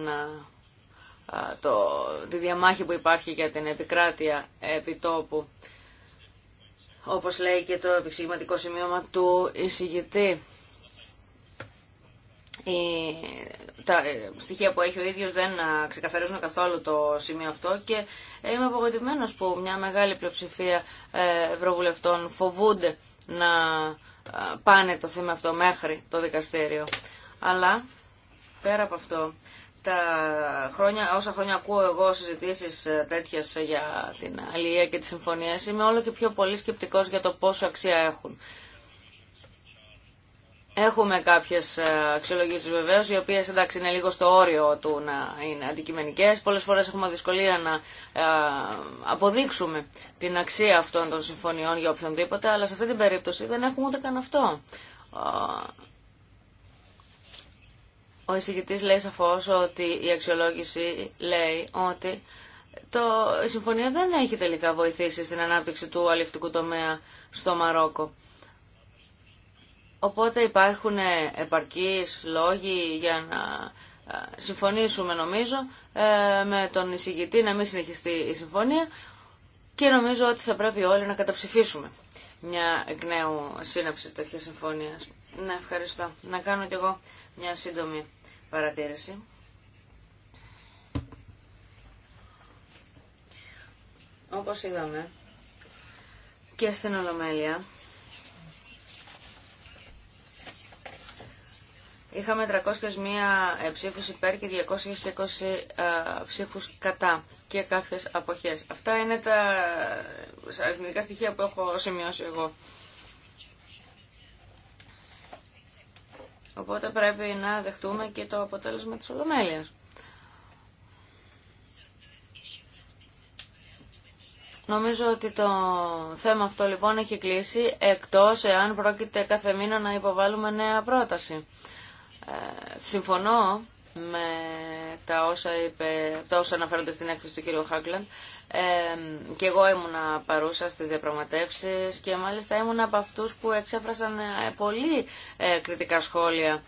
το, τη διαμάχη που υπάρχει για την επικράτεια επιτόπου όπως λέει και το επεξηγηματικό σημείωμα του εισηγητή τα ε, στοιχεία που έχει ο ίδιος δεν ξεκαθαρίζουν καθόλου το σημείο αυτό και είμαι απογοητευμένος που μια μεγάλη πλειοψηφία ε, ευρωβουλευτών φοβούνται να πάνε το θέμα αυτό μέχρι το δικαστήριο. Αλλά πέρα από αυτό, τα χρόνια, όσα χρόνια ακούω εγώ συζητήσει ε, τέτοιε για την αλληλεία και τι συμφωνίε, είμαι όλο και πιο πολύ σκεπτικό για το πόσο αξία έχουν. Έχουμε κάποιε αξιολογήσει βεβαίω, οι οποίε εντάξει είναι λίγο στο όριο του να είναι αντικειμενικέ. Πολλέ φορέ έχουμε δυσκολία να ε, αποδείξουμε την αξία αυτών των συμφωνιών για οποιονδήποτε, αλλά σε αυτή την περίπτωση δεν έχουμε ούτε καν αυτό. Ο εισηγητή λέει σαφώ ότι η αξιολόγηση λέει ότι το, η συμφωνία δεν έχει τελικά βοηθήσει στην ανάπτυξη του αληφτικού τομέα στο Μαρόκο. Οπότε υπάρχουν ε, επαρκείς λόγοι για να ε, συμφωνήσουμε νομίζω ε, με τον εισηγητή να μην συνεχιστεί η συμφωνία και νομίζω ότι θα πρέπει όλοι να καταψηφίσουμε μια εκ νέου σύναψη τέτοια συμφωνία. Ναι, ευχαριστώ. Να κάνω κι εγώ μια σύντομη παρατήρηση. Όπως είδαμε και στην Ολομέλεια, Είχαμε 301 ε, ψήφους υπέρ και 220 ε, ψήφους κατά και κάποιες αποχές. Αυτά είναι τα ε, αριθμητικά στοιχεία που έχω σημειώσει εγώ. Οπότε πρέπει να δεχτούμε και το αποτέλεσμα της ολομέλειας. Νομίζω ότι το θέμα αυτό λοιπόν έχει κλείσει, εκτός εάν πρόκειται κάθε μήνα να υποβάλουμε νέα πρόταση συμφωνώ με τα όσα, είπε, τα όσα αναφέρονται στην έκθεση του κ. Χάκλαν. Ε, και εγώ ήμουνα παρούσα στις διαπραγματεύσεις και μάλιστα ήμουνα από αυτούς που εξέφρασαν ε, πολύ ε, κριτικά σχόλια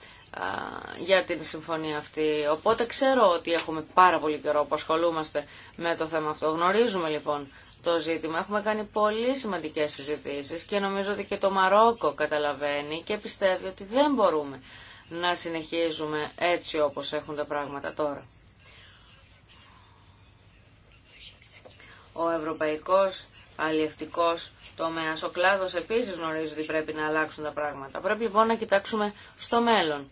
για την συμφωνία αυτή. Οπότε ξέρω ότι έχουμε πάρα πολύ καιρό που ασχολούμαστε με το θέμα αυτό. Γνωρίζουμε λοιπόν το ζήτημα. Έχουμε κάνει πολύ σημαντικές συζητήσεις και νομίζω ότι και το Μαρόκο καταλαβαίνει και πιστεύει ότι δεν μπορούμε να συνεχίζουμε έτσι όπως έχουν τα πράγματα τώρα. Ο ευρωπαϊκός αλλιευτικός τομέας, ο κλάδος επίσης γνωρίζει ότι πρέπει να αλλάξουν τα πράγματα. Πρέπει λοιπόν να κοιτάξουμε στο μέλλον.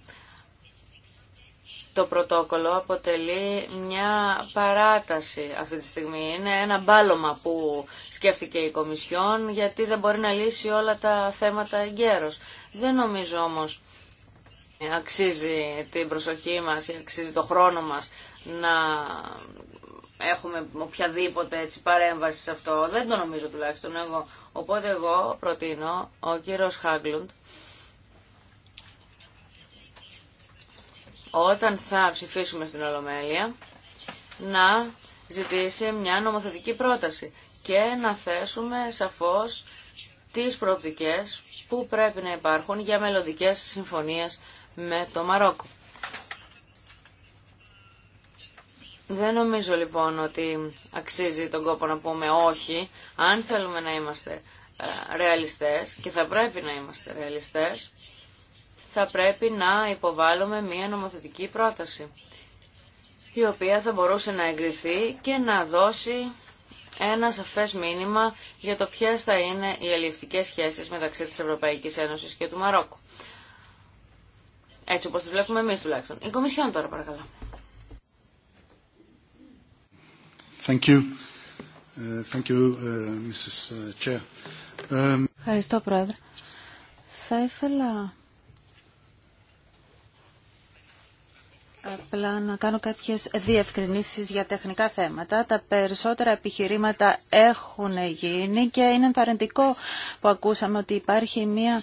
Το πρωτόκολλο αποτελεί μια παράταση αυτή τη στιγμή. Είναι ένα μπάλωμα που σκέφτηκε η Κομισιόν γιατί δεν μπορεί να λύσει όλα τα θέματα εγκαίρως. Δεν νομίζω όμως Αξίζει την προσοχή μας, αξίζει το χρόνο μας να έχουμε οποιαδήποτε έτσι παρέμβαση σε αυτό. Δεν το νομίζω τουλάχιστον εγώ. Οπότε εγώ προτείνω ο κύριος Χάγκλουντ όταν θα ψηφίσουμε στην Ολομέλεια να ζητήσει μια νομοθετική πρόταση και να θέσουμε σαφώς τις προοπτικές που πρέπει να υπάρχουν για μελλοντικές συμφωνίες με το Μαρόκο. Δεν νομίζω λοιπόν ότι αξίζει τον κόπο να πούμε όχι. Αν θέλουμε να είμαστε ε, ρεαλιστές και θα πρέπει να είμαστε ρεαλιστές, θα πρέπει να υποβάλουμε μία νομοθετική πρόταση η οποία θα μπορούσε να εγκριθεί και να δώσει ένα σαφές μήνυμα για το ποιες θα είναι οι αλληλευτικές σχέσεις μεταξύ της Ευρωπαϊκής Ένωσης και του Μαρόκου. Έτσι όπως τις βλέπουμε εμείς τουλάχιστον. Η Κομισιόν τώρα παρακαλώ. Thank you. Ε, thank you, ε, Mrs. Ε, Chair. Ευχαριστώ, Πρόεδρε. Θα ήθελα Απλά να κάνω κάποιες διευκρινήσεις για τεχνικά θέματα. Τα περισσότερα επιχειρήματα έχουν γίνει και είναι ενθαρρυντικό που ακούσαμε ότι υπάρχει μια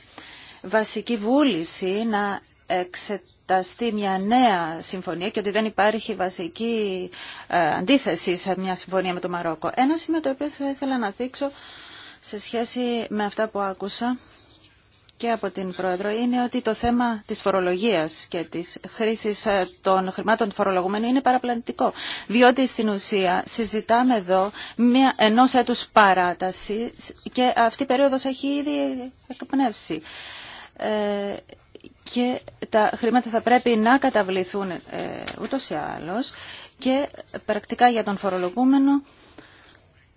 βασική βούληση να εξεταστεί μια νέα συμφωνία και ότι δεν υπάρχει βασική ε, αντίθεση σε μια συμφωνία με το Μαρόκο. Ένα σημείο το οποίο θα ήθελα να δείξω σε σχέση με αυτά που άκουσα και από την Πρόεδρο είναι ότι το θέμα της φορολογίας και της χρήσης ε, των χρημάτων φορολογουμένων είναι παραπλανητικό. Διότι στην ουσία συζητάμε εδώ μια ενός έτους παράταση και αυτή η περίοδος έχει ήδη εκπνεύσει. Ε, και τα χρήματα θα πρέπει να καταβληθούν ε, ούτως ή άλλως και πρακτικά για τον φορολογούμενο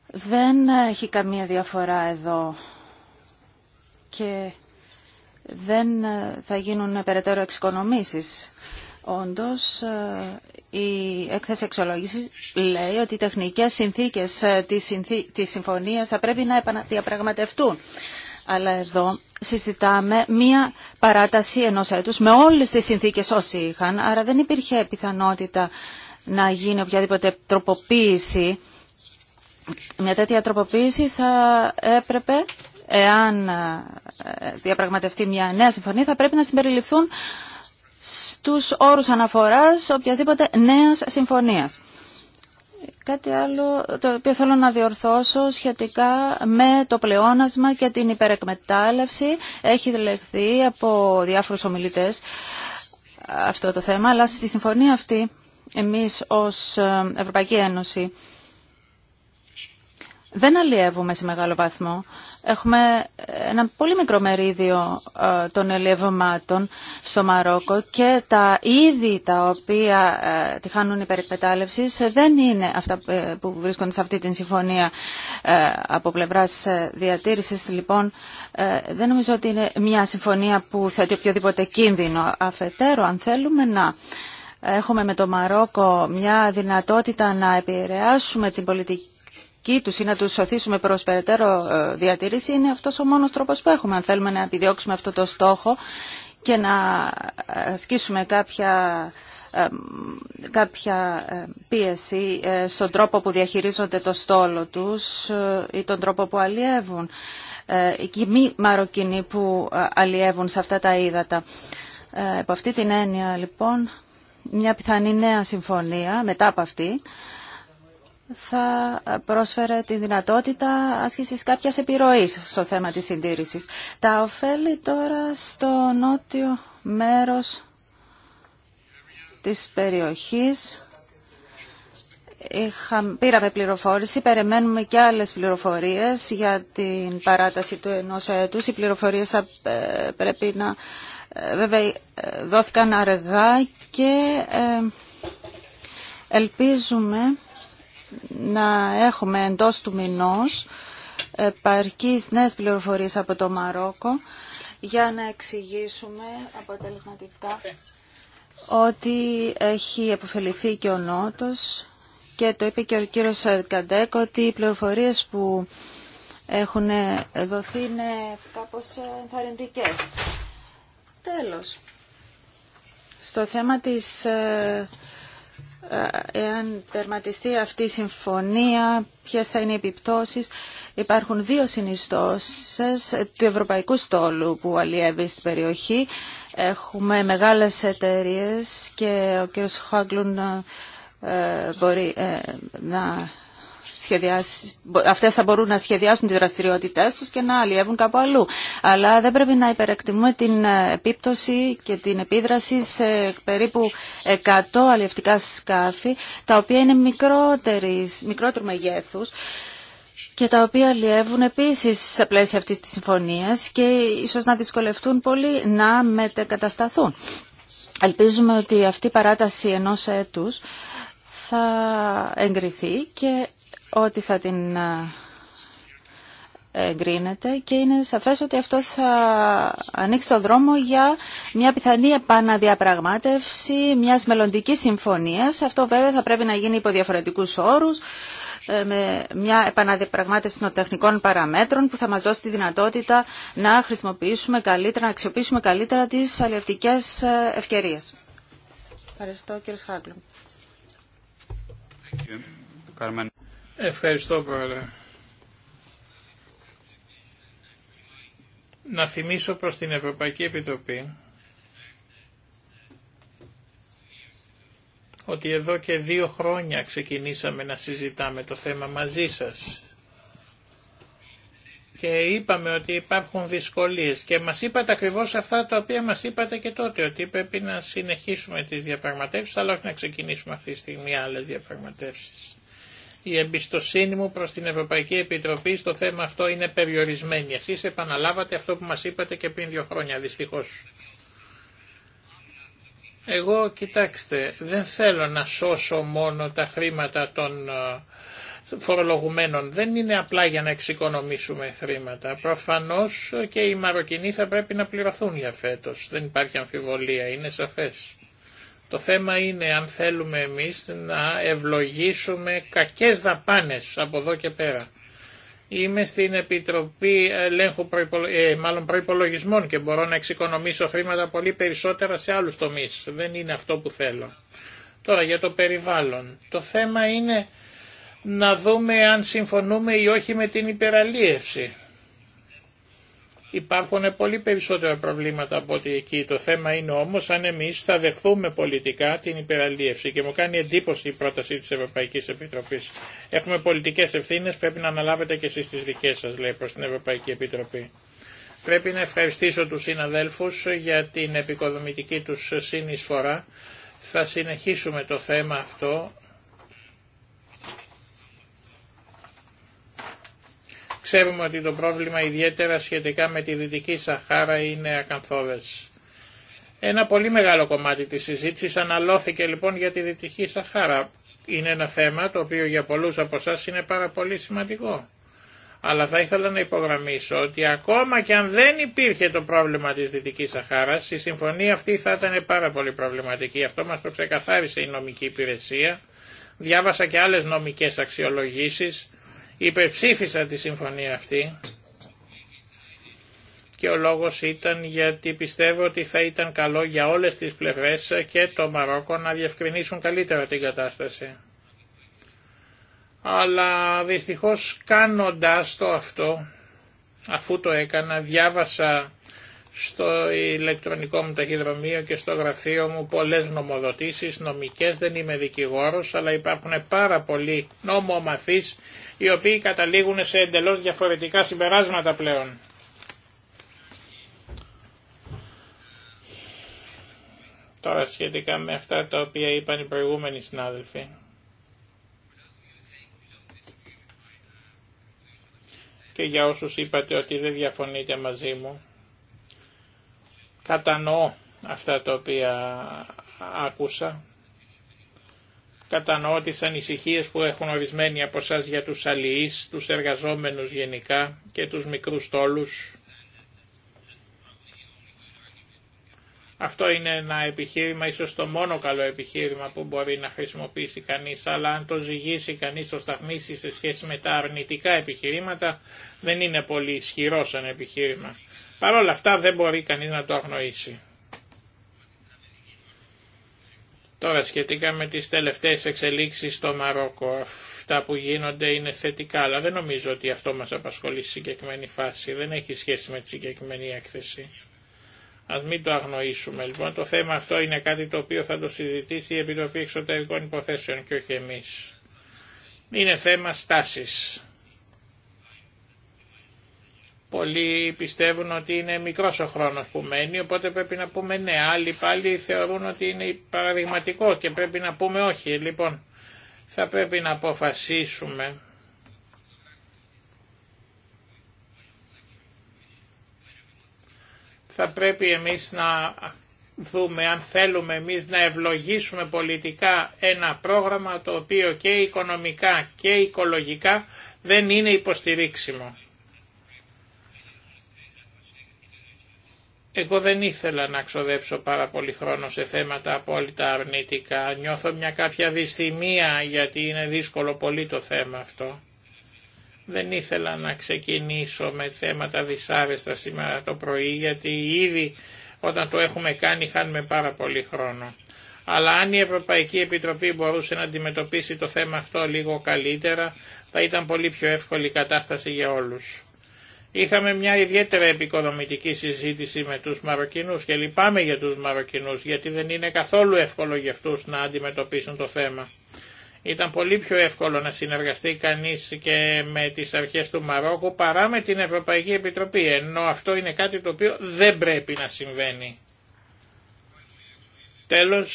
δεν έχει καμία διαφορά εδώ και δεν ε, θα γίνουν περαιτέρω εξοικονομήσεις. Όντως, ε, η έκθεση εξολόγηση λέει ότι οι τεχνικές συνθήκες της συμφωνίας θα πρέπει να διαπραγματευτούν. Αλλά εδώ συζητάμε μία παράταση ενός έτους με όλες τις συνθήκες όσοι είχαν, άρα δεν υπήρχε πιθανότητα να γίνει οποιαδήποτε τροποποίηση. Μια τέτοια τροποποίηση θα έπρεπε, εάν ε, διαπραγματευτεί μια νέα συμφωνία, θα πρέπει να συμπεριληφθούν στους όρους αναφοράς οποιασδήποτε νέας συμφωνίας. Κάτι άλλο το οποίο θέλω να διορθώσω σχετικά με το πλεόνασμα και την υπερεκμετάλλευση έχει δηλεχθεί από διάφορους ομιλητές αυτό το θέμα, αλλά στη συμφωνία αυτή εμείς ως Ευρωπαϊκή Ένωση δεν αλλιεύουμε σε μεγάλο βαθμό. Έχουμε ένα πολύ μικρό μερίδιο ε, των αλλιεύματων στο Μαρόκο και τα είδη τα οποία ε, τη χάνουν δεν είναι αυτά ε, που βρίσκονται σε αυτή την συμφωνία από πλευράς διατήρησης. Λοιπόν, δεν νομίζω ότι είναι μια συμφωνία που θέτει οποιοδήποτε κίνδυνο. Αφετέρου, αν θέλουμε να έχουμε με το Μαρόκο μια δυνατότητα να επηρεάσουμε την πολιτική και τους ή να τους σωθήσουμε προς περαιτέρω ε, διατήρηση είναι αυτός ο μόνος τρόπος που έχουμε αν θέλουμε να επιδιώξουμε αυτό το στόχο και να ασκήσουμε κάποια, ε, κάποια ε, πίεση στον τρόπο που διαχειρίζονται το στόλο τους ή τον τρόπο που αλλιεύουν και μη μαροκινοί που αλλιεύουν σε αυτά τα ύδατα. Από αυτή την έννοια λοιπόν μια πιθανή νέα συμφωνία μετά από αυτή θα πρόσφερε τη δυνατότητα άσκησης κάποιας επιρροής στο θέμα της συντήρησης. Τα ωφέλη τώρα στο νότιο μέρος της περιοχής. Είχα, πήραμε πληροφόρηση, περιμένουμε και άλλες πληροφορίες για την παράταση του ενός έτους. Οι πληροφορίες θα ε, πρέπει να... Ε, βέβαια ε, δόθηκαν αργά και ελπίζουμε να έχουμε εντός του μηνός επαρκείς νέες πληροφορίες από το Μαρόκο για να εξηγήσουμε αποτελεσματικά ότι έχει αποφεληθεί και ο Νότος και το είπε και ο κύριος Καντέκ ότι οι πληροφορίες που έχουν δοθεί είναι κάπως ενθαρρυντικές. Τέλος, στο θέμα της ε, εάν τερματιστεί αυτή η συμφωνία, ποιε θα είναι οι επιπτώσει, Υπάρχουν δύο συνιστώσει του Ευρωπαϊκού Στόλου που αλλιεύει στην περιοχή. Έχουμε μεγάλε εταιρείε και ο κ. Χάγκλουν ε, μπορεί ε, να αυτές θα μπορούν να σχεδιάσουν τις δραστηριότητές τους και να αλλιεύουν κάπου αλλού. Αλλά δεν πρέπει να υπερεκτιμούμε την ε, επίπτωση και την επίδραση σε περίπου 100 αλλιευτικά σκάφη, τα οποία είναι μικρότερου μεγέθους και τα οποία αλλιεύουν επίσης σε πλαίσια αυτής της συμφωνίας και ίσως να δυσκολευτούν πολύ να μετεκατασταθούν. Ελπίζουμε ότι αυτή η παράταση ενός έτους θα εγκριθεί και ότι θα την ε, εγκρίνεται και είναι σαφές ότι αυτό θα ανοίξει το δρόμο για μια πιθανή επαναδιαπραγμάτευση μιας μελλοντικής συμφωνίας. Αυτό βέβαια θα πρέπει να γίνει υπό διαφορετικούς όρους ε, με μια επαναδιαπραγμάτευση των τεχνικών παραμέτρων που θα μας δώσει τη δυνατότητα να χρησιμοποιήσουμε καλύτερα, να αξιοποιήσουμε καλύτερα τις αλληλευτικές ε, ευκαιρίες. Ευχαριστώ κύριε Χάγκλου. Ευχαριστώ πολύ. Να θυμίσω προς την Ευρωπαϊκή Επιτροπή ότι εδώ και δύο χρόνια ξεκινήσαμε να συζητάμε το θέμα μαζί σας και είπαμε ότι υπάρχουν δυσκολίες και μας είπατε ακριβώς αυτά τα οποία μας είπατε και τότε ότι πρέπει να συνεχίσουμε τις διαπραγματεύσεις αλλά όχι να ξεκινήσουμε αυτή τη στιγμή άλλες διαπραγματεύσεις. Η εμπιστοσύνη μου προς την Ευρωπαϊκή Επιτροπή στο θέμα αυτό είναι περιορισμένη. Εσείς επαναλάβατε αυτό που μας είπατε και πριν δύο χρόνια, δυστυχώς. Εγώ, κοιτάξτε, δεν θέλω να σώσω μόνο τα χρήματα των ε, φορολογουμένων. Δεν είναι απλά για να εξοικονομήσουμε χρήματα. Προφανώς και οι Μαροκινοί θα πρέπει να πληρωθούν για φέτος. Δεν υπάρχει αμφιβολία, είναι σαφές. Το θέμα είναι αν θέλουμε εμείς να ευλογήσουμε κακές δαπάνες από εδώ και πέρα. Είμαι στην Επιτροπή Ελέγχου ε, μάλλον Προϋπολογισμών και μπορώ να εξοικονομήσω χρήματα πολύ περισσότερα σε άλλους τομείς. Δεν είναι αυτό που θέλω. Τώρα για το περιβάλλον. Το θέμα είναι να δούμε αν συμφωνούμε ή όχι με την υπεραλίευση. Υπάρχουν πολύ περισσότερα προβλήματα από ότι εκεί. Το θέμα είναι όμως αν εμείς θα δεχθούμε πολιτικά την υπεραλίευση και μου κάνει εντύπωση η πρόταση της Ευρωπαϊκής Επιτροπής. Έχουμε πολιτικές ευθύνες, πρέπει να αναλάβετε και εσείς τις δικές σας, λέει, προς την Ευρωπαϊκή Επιτροπή. Πρέπει να ευχαριστήσω τους συναδέλφους για την επικοδομητική τους συνεισφορά. Θα συνεχίσουμε το θέμα αυτό Ξέρουμε ότι το πρόβλημα ιδιαίτερα σχετικά με τη Δυτική Σαχάρα είναι ακαθόδες. Ένα πολύ μεγάλο κομμάτι της συζήτησης αναλώθηκε λοιπόν για τη Δυτική Σαχάρα. Είναι ένα θέμα το οποίο για πολλούς από εσά είναι πάρα πολύ σημαντικό. Αλλά θα ήθελα να υπογραμμίσω ότι ακόμα και αν δεν υπήρχε το πρόβλημα της Δυτικής Σαχάρας, η συμφωνία αυτή θα ήταν πάρα πολύ προβληματική. Αυτό μας το ξεκαθάρισε η νομική υπηρεσία. Διάβασα και άλλες νομικές αξιολογήσεις Υπεψήφισα τη συμφωνία αυτή και ο λόγος ήταν γιατί πιστεύω ότι θα ήταν καλό για όλες τις πλευρές και το Μαρόκο να διευκρινίσουν καλύτερα την κατάσταση. Αλλά δυστυχώς κάνοντας το αυτό, αφού το έκανα, διάβασα στο ηλεκτρονικό μου ταχυδρομείο και στο γραφείο μου πολλές νομοδοτήσεις, νομικές, δεν είμαι δικηγόρος, αλλά υπάρχουν πάρα πολλοί νομομαθείς οι οποίοι καταλήγουν σε εντελώς διαφορετικά συμπεράσματα πλέον. Τώρα σχετικά με αυτά τα οποία είπαν οι προηγούμενοι συνάδελφοι. Και για όσους είπατε ότι δεν διαφωνείτε μαζί μου, Κατανοώ αυτά τα οποία άκουσα. Κατανοώ τις ανησυχίες που έχουν ορισμένοι από εσά για τους αλληλείς, τους εργαζόμενους γενικά και τους μικρούς τόλους. Αυτό είναι ένα επιχείρημα, ίσως το μόνο καλό επιχείρημα που μπορεί να χρησιμοποιήσει κανείς, αλλά αν το ζυγίσει κανείς, το σταθμίσει σε σχέση με τα αρνητικά επιχειρήματα, δεν είναι πολύ ισχυρό σαν επιχείρημα. Παρ' όλα αυτά δεν μπορεί κανείς να το αγνοήσει. Τώρα σχετικά με τις τελευταίες εξελίξεις στο Μαρόκο, αυτά που γίνονται είναι θετικά, αλλά δεν νομίζω ότι αυτό μας απασχολεί στη συγκεκριμένη φάση, δεν έχει σχέση με τη συγκεκριμένη έκθεση. Ας μην το αγνοήσουμε λοιπόν, το θέμα αυτό είναι κάτι το οποίο θα το συζητήσει η Επιτροπή Εξωτερικών Υποθέσεων και όχι εμείς. Είναι θέμα στάσης. Πολλοί πιστεύουν ότι είναι μικρός ο χρόνος που μένει, οπότε πρέπει να πούμε ναι. Άλλοι πάλι θεωρούν ότι είναι παραδειγματικό και πρέπει να πούμε όχι. Λοιπόν, θα πρέπει να αποφασίσουμε θα πρέπει εμείς να δούμε αν θέλουμε εμείς να ευλογήσουμε πολιτικά ένα πρόγραμμα το οποίο και οικονομικά και οικολογικά δεν είναι υποστηρίξιμο. Εγώ δεν ήθελα να ξοδέψω πάρα πολύ χρόνο σε θέματα απόλυτα αρνητικά. Νιώθω μια κάποια δυσθυμία γιατί είναι δύσκολο πολύ το θέμα αυτό. Δεν ήθελα να ξεκινήσω με θέματα δυσάρεστα σήμερα το πρωί γιατί ήδη όταν το έχουμε κάνει χάνουμε πάρα πολύ χρόνο. Αλλά αν η Ευρωπαϊκή Επιτροπή μπορούσε να αντιμετωπίσει το θέμα αυτό λίγο καλύτερα θα ήταν πολύ πιο εύκολη η κατάσταση για όλους. Είχαμε μια ιδιαίτερα επικοδομητική συζήτηση με τους Μαροκινούς και λυπάμαι για τους Μαροκινούς γιατί δεν είναι καθόλου εύκολο για αυτούς να αντιμετωπίσουν το θέμα. Ήταν πολύ πιο εύκολο να συνεργαστεί κανείς και με τις αρχές του Μαρόκου παρά με την Ευρωπαϊκή Επιτροπή, ενώ αυτό είναι κάτι το οποίο δεν πρέπει να συμβαίνει. Τέλος,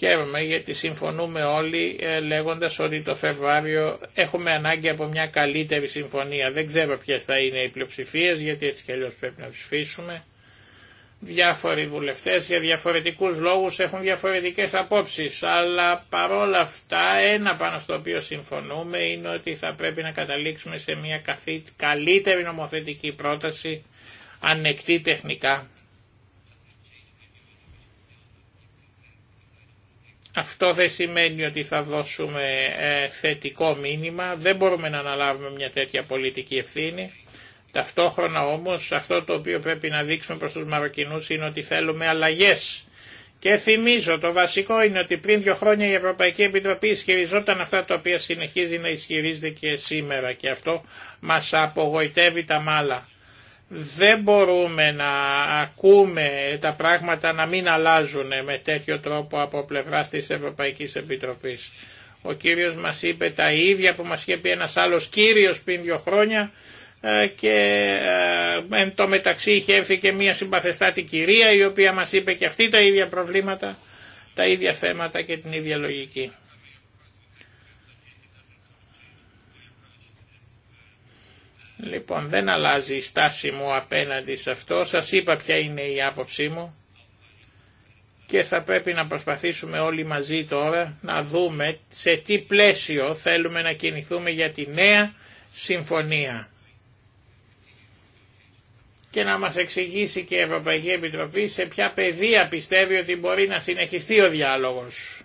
Χαίρομαι γιατί συμφωνούμε όλοι ε, λέγοντας ότι το Φεβρουάριο έχουμε ανάγκη από μια καλύτερη συμφωνία. Δεν ξέρω ποιε θα είναι οι πλειοψηφίε γιατί έτσι κι αλλιώς πρέπει να ψηφίσουμε. Διάφοροι βουλευτές για διαφορετικούς λόγους έχουν διαφορετικές απόψεις αλλά παρόλα αυτά ένα πάνω στο οποίο συμφωνούμε είναι ότι θα πρέπει να καταλήξουμε σε μια καλύτερη νομοθετική πρόταση ανεκτή τεχνικά Αυτό δεν σημαίνει ότι θα δώσουμε ε, θετικό μήνυμα, δεν μπορούμε να αναλάβουμε μια τέτοια πολιτική ευθύνη. Ταυτόχρονα όμως αυτό το οποίο πρέπει να δείξουμε προς τους Μαροκινούς είναι ότι θέλουμε αλλαγές. Και θυμίζω, το βασικό είναι ότι πριν δύο χρόνια η Ευρωπαϊκή Επιτροπή ισχυριζόταν αυτά τα οποία συνεχίζει να ισχυρίζεται και σήμερα και αυτό μας απογοητεύει τα μάλα δεν μπορούμε να ακούμε τα πράγματα να μην αλλάζουν με τέτοιο τρόπο από πλευράς της Ευρωπαϊκής Επιτροπής. Ο κύριος μας είπε τα ίδια που μας είχε πει ένας άλλος κύριος πριν δύο χρόνια ε, και ε, εν τω μεταξύ είχε έρθει και μια συμπαθεστάτη κυρία η οποία μας είπε και αυτή τα ίδια προβλήματα, τα ίδια θέματα και την ίδια λογική. Λοιπόν δεν αλλάζει η στάση μου απέναντι σε αυτό. Σας είπα ποια είναι η άποψή μου και θα πρέπει να προσπαθήσουμε όλοι μαζί τώρα να δούμε σε τι πλαίσιο θέλουμε να κινηθούμε για τη νέα συμφωνία. Και να μας εξηγήσει και η Ευρωπαϊκή Επιτροπή σε ποια πεδία πιστεύει ότι μπορεί να συνεχιστεί ο διάλογος.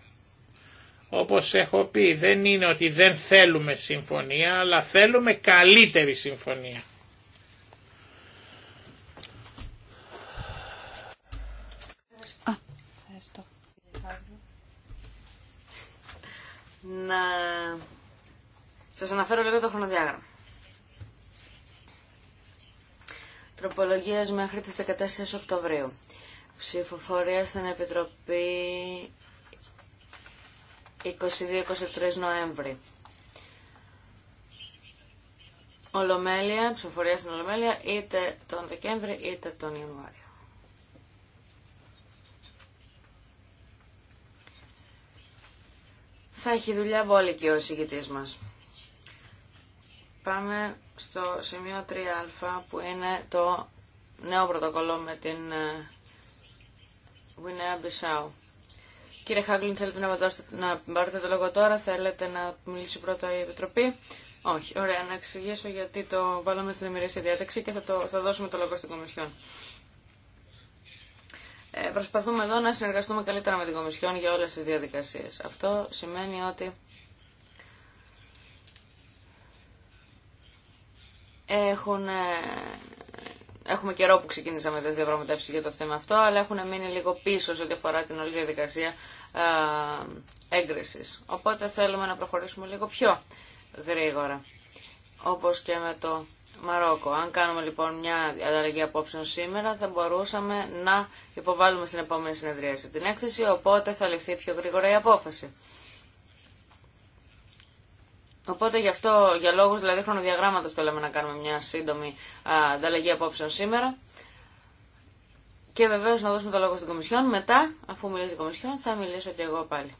Όπως έχω πει, δεν είναι ότι δεν θέλουμε συμφωνία, αλλά θέλουμε καλύτερη συμφωνία. να σας αναφέρω λίγο το χρονοδιάγραμμα. Τροπολογίες μέχρι τις 14 Οκτωβρίου. Ψηφοφορία στην Επιτροπή 22-23 Νοέμβρη. Ολομέλεια, ψηφοφορία στην Ολομέλεια, είτε τον Δεκέμβρη είτε τον Ιανουάριο. Θα έχει δουλειά βόλικη ο συγκητής μας. Πάμε στο σημείο 3α που είναι το νέο πρωτοκολλό με την Βουινέα ε, Μπισάου. Κύριε Χάγκλιν, θέλετε να, δώσετε, πάρετε το λόγο τώρα, θέλετε να μιλήσει πρώτα η Επιτροπή. Όχι, ωραία, να εξηγήσω γιατί το βάλαμε στην ημερήσια διάταξη και θα, το, θα δώσουμε το λόγο στην Κομισιόν. Ε, προσπαθούμε εδώ να συνεργαστούμε καλύτερα με την Κομισιόν για όλες τις διαδικασίες. Αυτό σημαίνει ότι έχουν ε, Έχουμε καιρό που ξεκίνησαμε τι διαπραγματεύσει για το θέμα αυτό, αλλά έχουν μείνει λίγο πίσω σε ό,τι αφορά την όλη διαδικασία ε, έγκριση. Οπότε θέλουμε να προχωρήσουμε λίγο πιο γρήγορα. Όπω και με το Μαρόκο. Αν κάνουμε λοιπόν μια ανταλλαγή απόψεων σήμερα, θα μπορούσαμε να υποβάλουμε στην επόμενη συνεδρίαση την έκθεση, οπότε θα ληφθεί πιο γρήγορα η απόφαση. Οπότε γι' αυτό, για λόγους δηλαδή χρονοδιαγράμματος, θέλαμε να κάνουμε μια σύντομη ανταλλαγή απόψεων σήμερα. Και βεβαίως να δώσουμε το λόγο στην Κομισιόν. Μετά, αφού μιλήσει η Κομισιόν, θα μιλήσω και εγώ πάλι.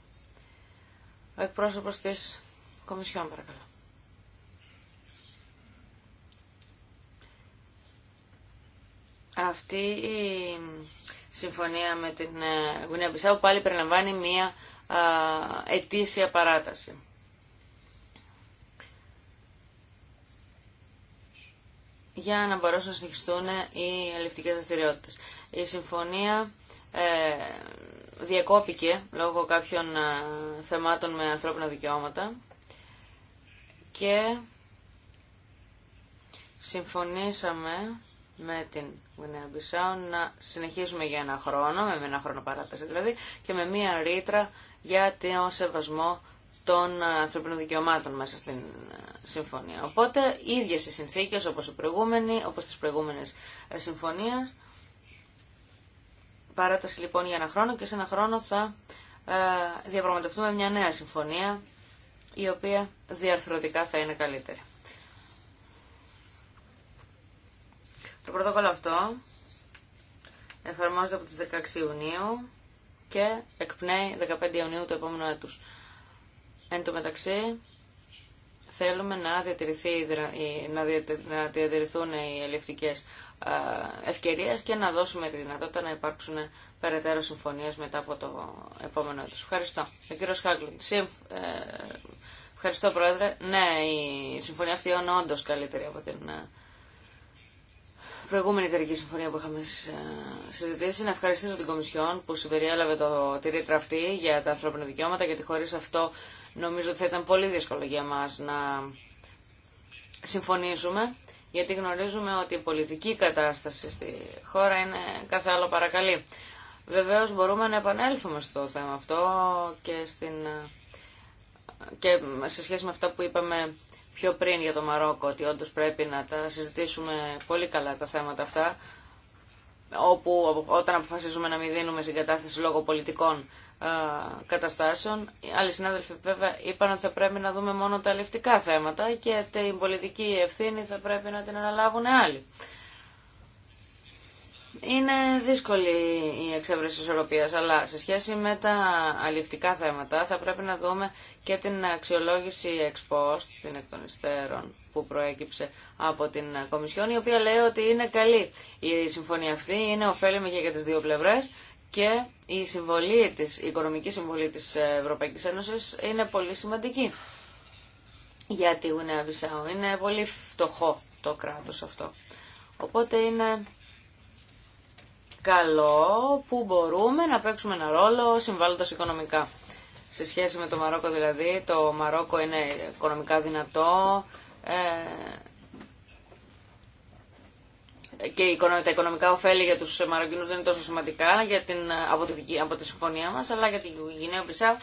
Ο εκπρόσωπος της Κομισιόν, παρακαλώ. Αυτή η συμφωνία με την ε, Γουνία Μπισάου πάλι περιλαμβάνει μία ετήσια παράταση. για να μπορέσουν να συνεχιστούν οι αλληλευτικές δραστηριότητε. Η συμφωνία ε, διακόπηκε λόγω κάποιων ε, θεμάτων με ανθρώπινα δικαιώματα και συμφωνήσαμε με την Γουινέα Μπισάου να συνεχίσουμε για ένα χρόνο, με ένα χρόνο παράταση δηλαδή, και με μία ρήτρα για τον σεβασμό των ανθρωπίνων δικαιωμάτων μέσα στην ε, συμφωνία. Οπότε, ίδιες οι συνθήκες όπως, οι προηγούμενοι, όπως τις προηγούμενες ε, συμφωνίες. Παράταση λοιπόν για ένα χρόνο και σε ένα χρόνο θα ε, διαπραγματευτούμε μια νέα συμφωνία η οποία διαρθρωτικά θα είναι καλύτερη. Το πρωτόκολλο αυτό εφαρμόζεται από τις 16 Ιουνίου και εκπνέει 15 Ιουνίου του επόμενου έτους. Εν τω μεταξύ, θέλουμε να, διατηρηθεί, να διατηρηθούν οι ελευτικές ευκαιρίες και να δώσουμε τη δυνατότητα να υπάρξουν περαιτέρω συμφωνίες μετά από το επόμενο έτος. Ευχαριστώ. Ο κύριος Χάγκλουντ. Ε, ευχαριστώ, Πρόεδρε. Ναι, η συμφωνία αυτή είναι όντω καλύτερη από την ε, προηγούμενη εταιρική συμφωνία που είχαμε ε, συζητήσει. Να ευχαριστήσω την Κομισιόν που συμπεριέλαβε το, τη ρήτρα αυτή για τα ανθρώπινα δικαιώματα, γιατί χωρί αυτό Νομίζω ότι θα ήταν πολύ δύσκολο για μας να συμφωνήσουμε, γιατί γνωρίζουμε ότι η πολιτική κατάσταση στη χώρα είναι κάθε άλλο παρακαλή. Βεβαίως μπορούμε να επανέλθουμε στο θέμα αυτό και, στην, και σε σχέση με αυτά που είπαμε πιο πριν για το Μαρόκο, ότι όντως πρέπει να τα συζητήσουμε πολύ καλά τα θέματα αυτά, όπου όταν αποφασίζουμε να μην δίνουμε συγκατάθεση λόγω πολιτικών καταστάσεων. Άλλοι συνάδελφοι βέβαια είπαν ότι θα πρέπει να δούμε μόνο τα ληφτικά θέματα και την πολιτική ευθύνη θα πρέπει να την αναλάβουν άλλοι. Είναι δύσκολη η εξέβρεση ισορροπίας, αλλά σε σχέση με τα αληφτικά θέματα θα πρέπει να δούμε και την αξιολόγηση εξ post, την εκ των υστέρων που προέκυψε από την Κομισιόν, η οποία λέει ότι είναι καλή η συμφωνία αυτή, είναι ωφέλιμη και για τις δύο πλευρές και η, συμβολή της, η οικονομική συμβολή της Ευρωπαϊκής Ένωσης είναι πολύ σημαντική για τη Γουνέα Είναι πολύ φτωχό το κράτος αυτό. Οπότε είναι καλό που μπορούμε να παίξουμε ένα ρόλο συμβάλλοντας οικονομικά. Σε σχέση με το Μαρόκο δηλαδή, το Μαρόκο είναι οικονομικά δυνατό, ε, και τα οικονομικά ωφέλη για τους Μαροκινούς δεν είναι τόσο σημαντικά για την, από, τη, από τη συμφωνία μας, αλλά για την Γινέα Μπισάου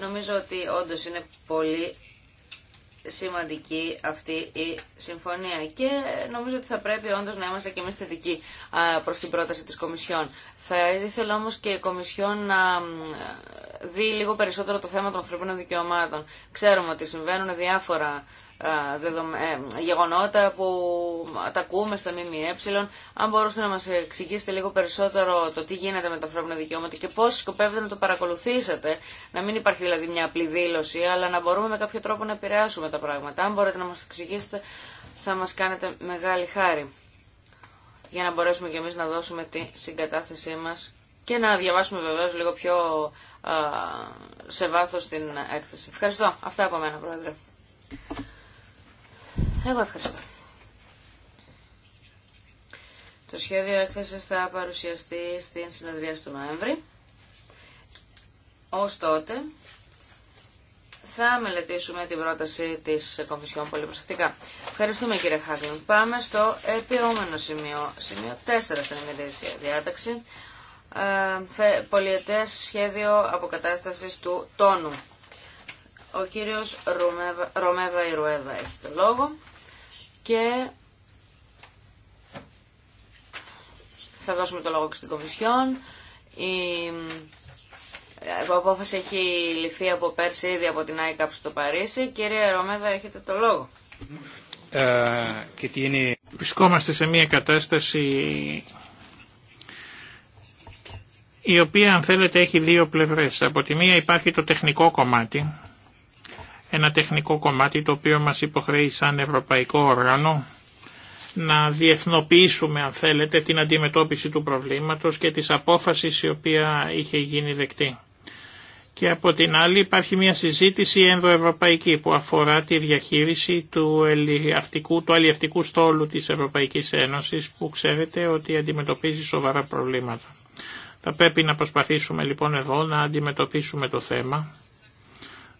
νομίζω ότι όντω είναι πολύ σημαντική αυτή η συμφωνία και νομίζω ότι θα πρέπει όντως να είμαστε και εμείς θετικοί προς την πρόταση της Κομισιόν. Θα ήθελα όμως και η Κομισιόν να δει λίγο περισσότερο το θέμα των ανθρωπίνων δικαιωμάτων. Ξέρουμε ότι συμβαίνουν διάφορα ε, ε, γεγονότα που τα ακούμε στα ΜΜΕ. Αν μπορούσατε να μας εξηγήσετε λίγο περισσότερο το τι γίνεται με τα ανθρώπινα δικαιώματα και πώς σκοπεύετε να το παρακολουθήσετε, να μην υπάρχει δηλαδή μια απλή δήλωση, αλλά να μπορούμε με κάποιο τρόπο να επηρεάσουμε τα πράγματα. Αν μπορείτε να μας εξηγήσετε, θα μας κάνετε μεγάλη χάρη για να μπορέσουμε κι εμείς να δώσουμε τη συγκατάθεσή μας και να διαβάσουμε βεβαίως λίγο πιο ε, σε βάθος την έκθεση. Ευχαριστώ. Αυτά από μένα, Πρόεδρε. Εγώ ευχαριστώ. Το σχέδιο έκθεση θα παρουσιαστεί στην συνεδρία του Νοέμβρη. Ως τότε θα μελετήσουμε την πρόταση της Κομισιόν πολύ προσεκτικά. Ευχαριστούμε κύριε Χάγκλον. Πάμε στο επίομενο σημείο, σημείο 4 στην ημερήσια διάταξη. Ε, πολιετές σχέδιο αποκατάστασης του τόνου. Ο κύριος Ρωμέβα Ιρουέδα έχει το λόγο και θα δώσουμε το λόγο και στην Κομισιόν. Η απόφαση έχει ληφθεί από πέρσι ήδη από την ΆΙΚΑΠ στο Παρίσι. Κύριε Ρωμέδα, έχετε το λόγο. Ε, και τι Βρισκόμαστε σε μια κατάσταση η οποία αν θέλετε έχει δύο πλευρές. Από τη μία υπάρχει το τεχνικό κομμάτι ένα τεχνικό κομμάτι το οποίο μας υποχρεεί σαν ευρωπαϊκό όργανο να διεθνοποιήσουμε αν θέλετε την αντιμετώπιση του προβλήματος και της απόφασης η οποία είχε γίνει δεκτή. Και από την άλλη υπάρχει μια συζήτηση ενδοευρωπαϊκή που αφορά τη διαχείριση του αλλιευτικού, του αλλιευτικού στόλου της Ευρωπαϊκής Ένωσης που ξέρετε ότι αντιμετωπίζει σοβαρά προβλήματα. Θα πρέπει να προσπαθήσουμε λοιπόν εδώ να αντιμετωπίσουμε το θέμα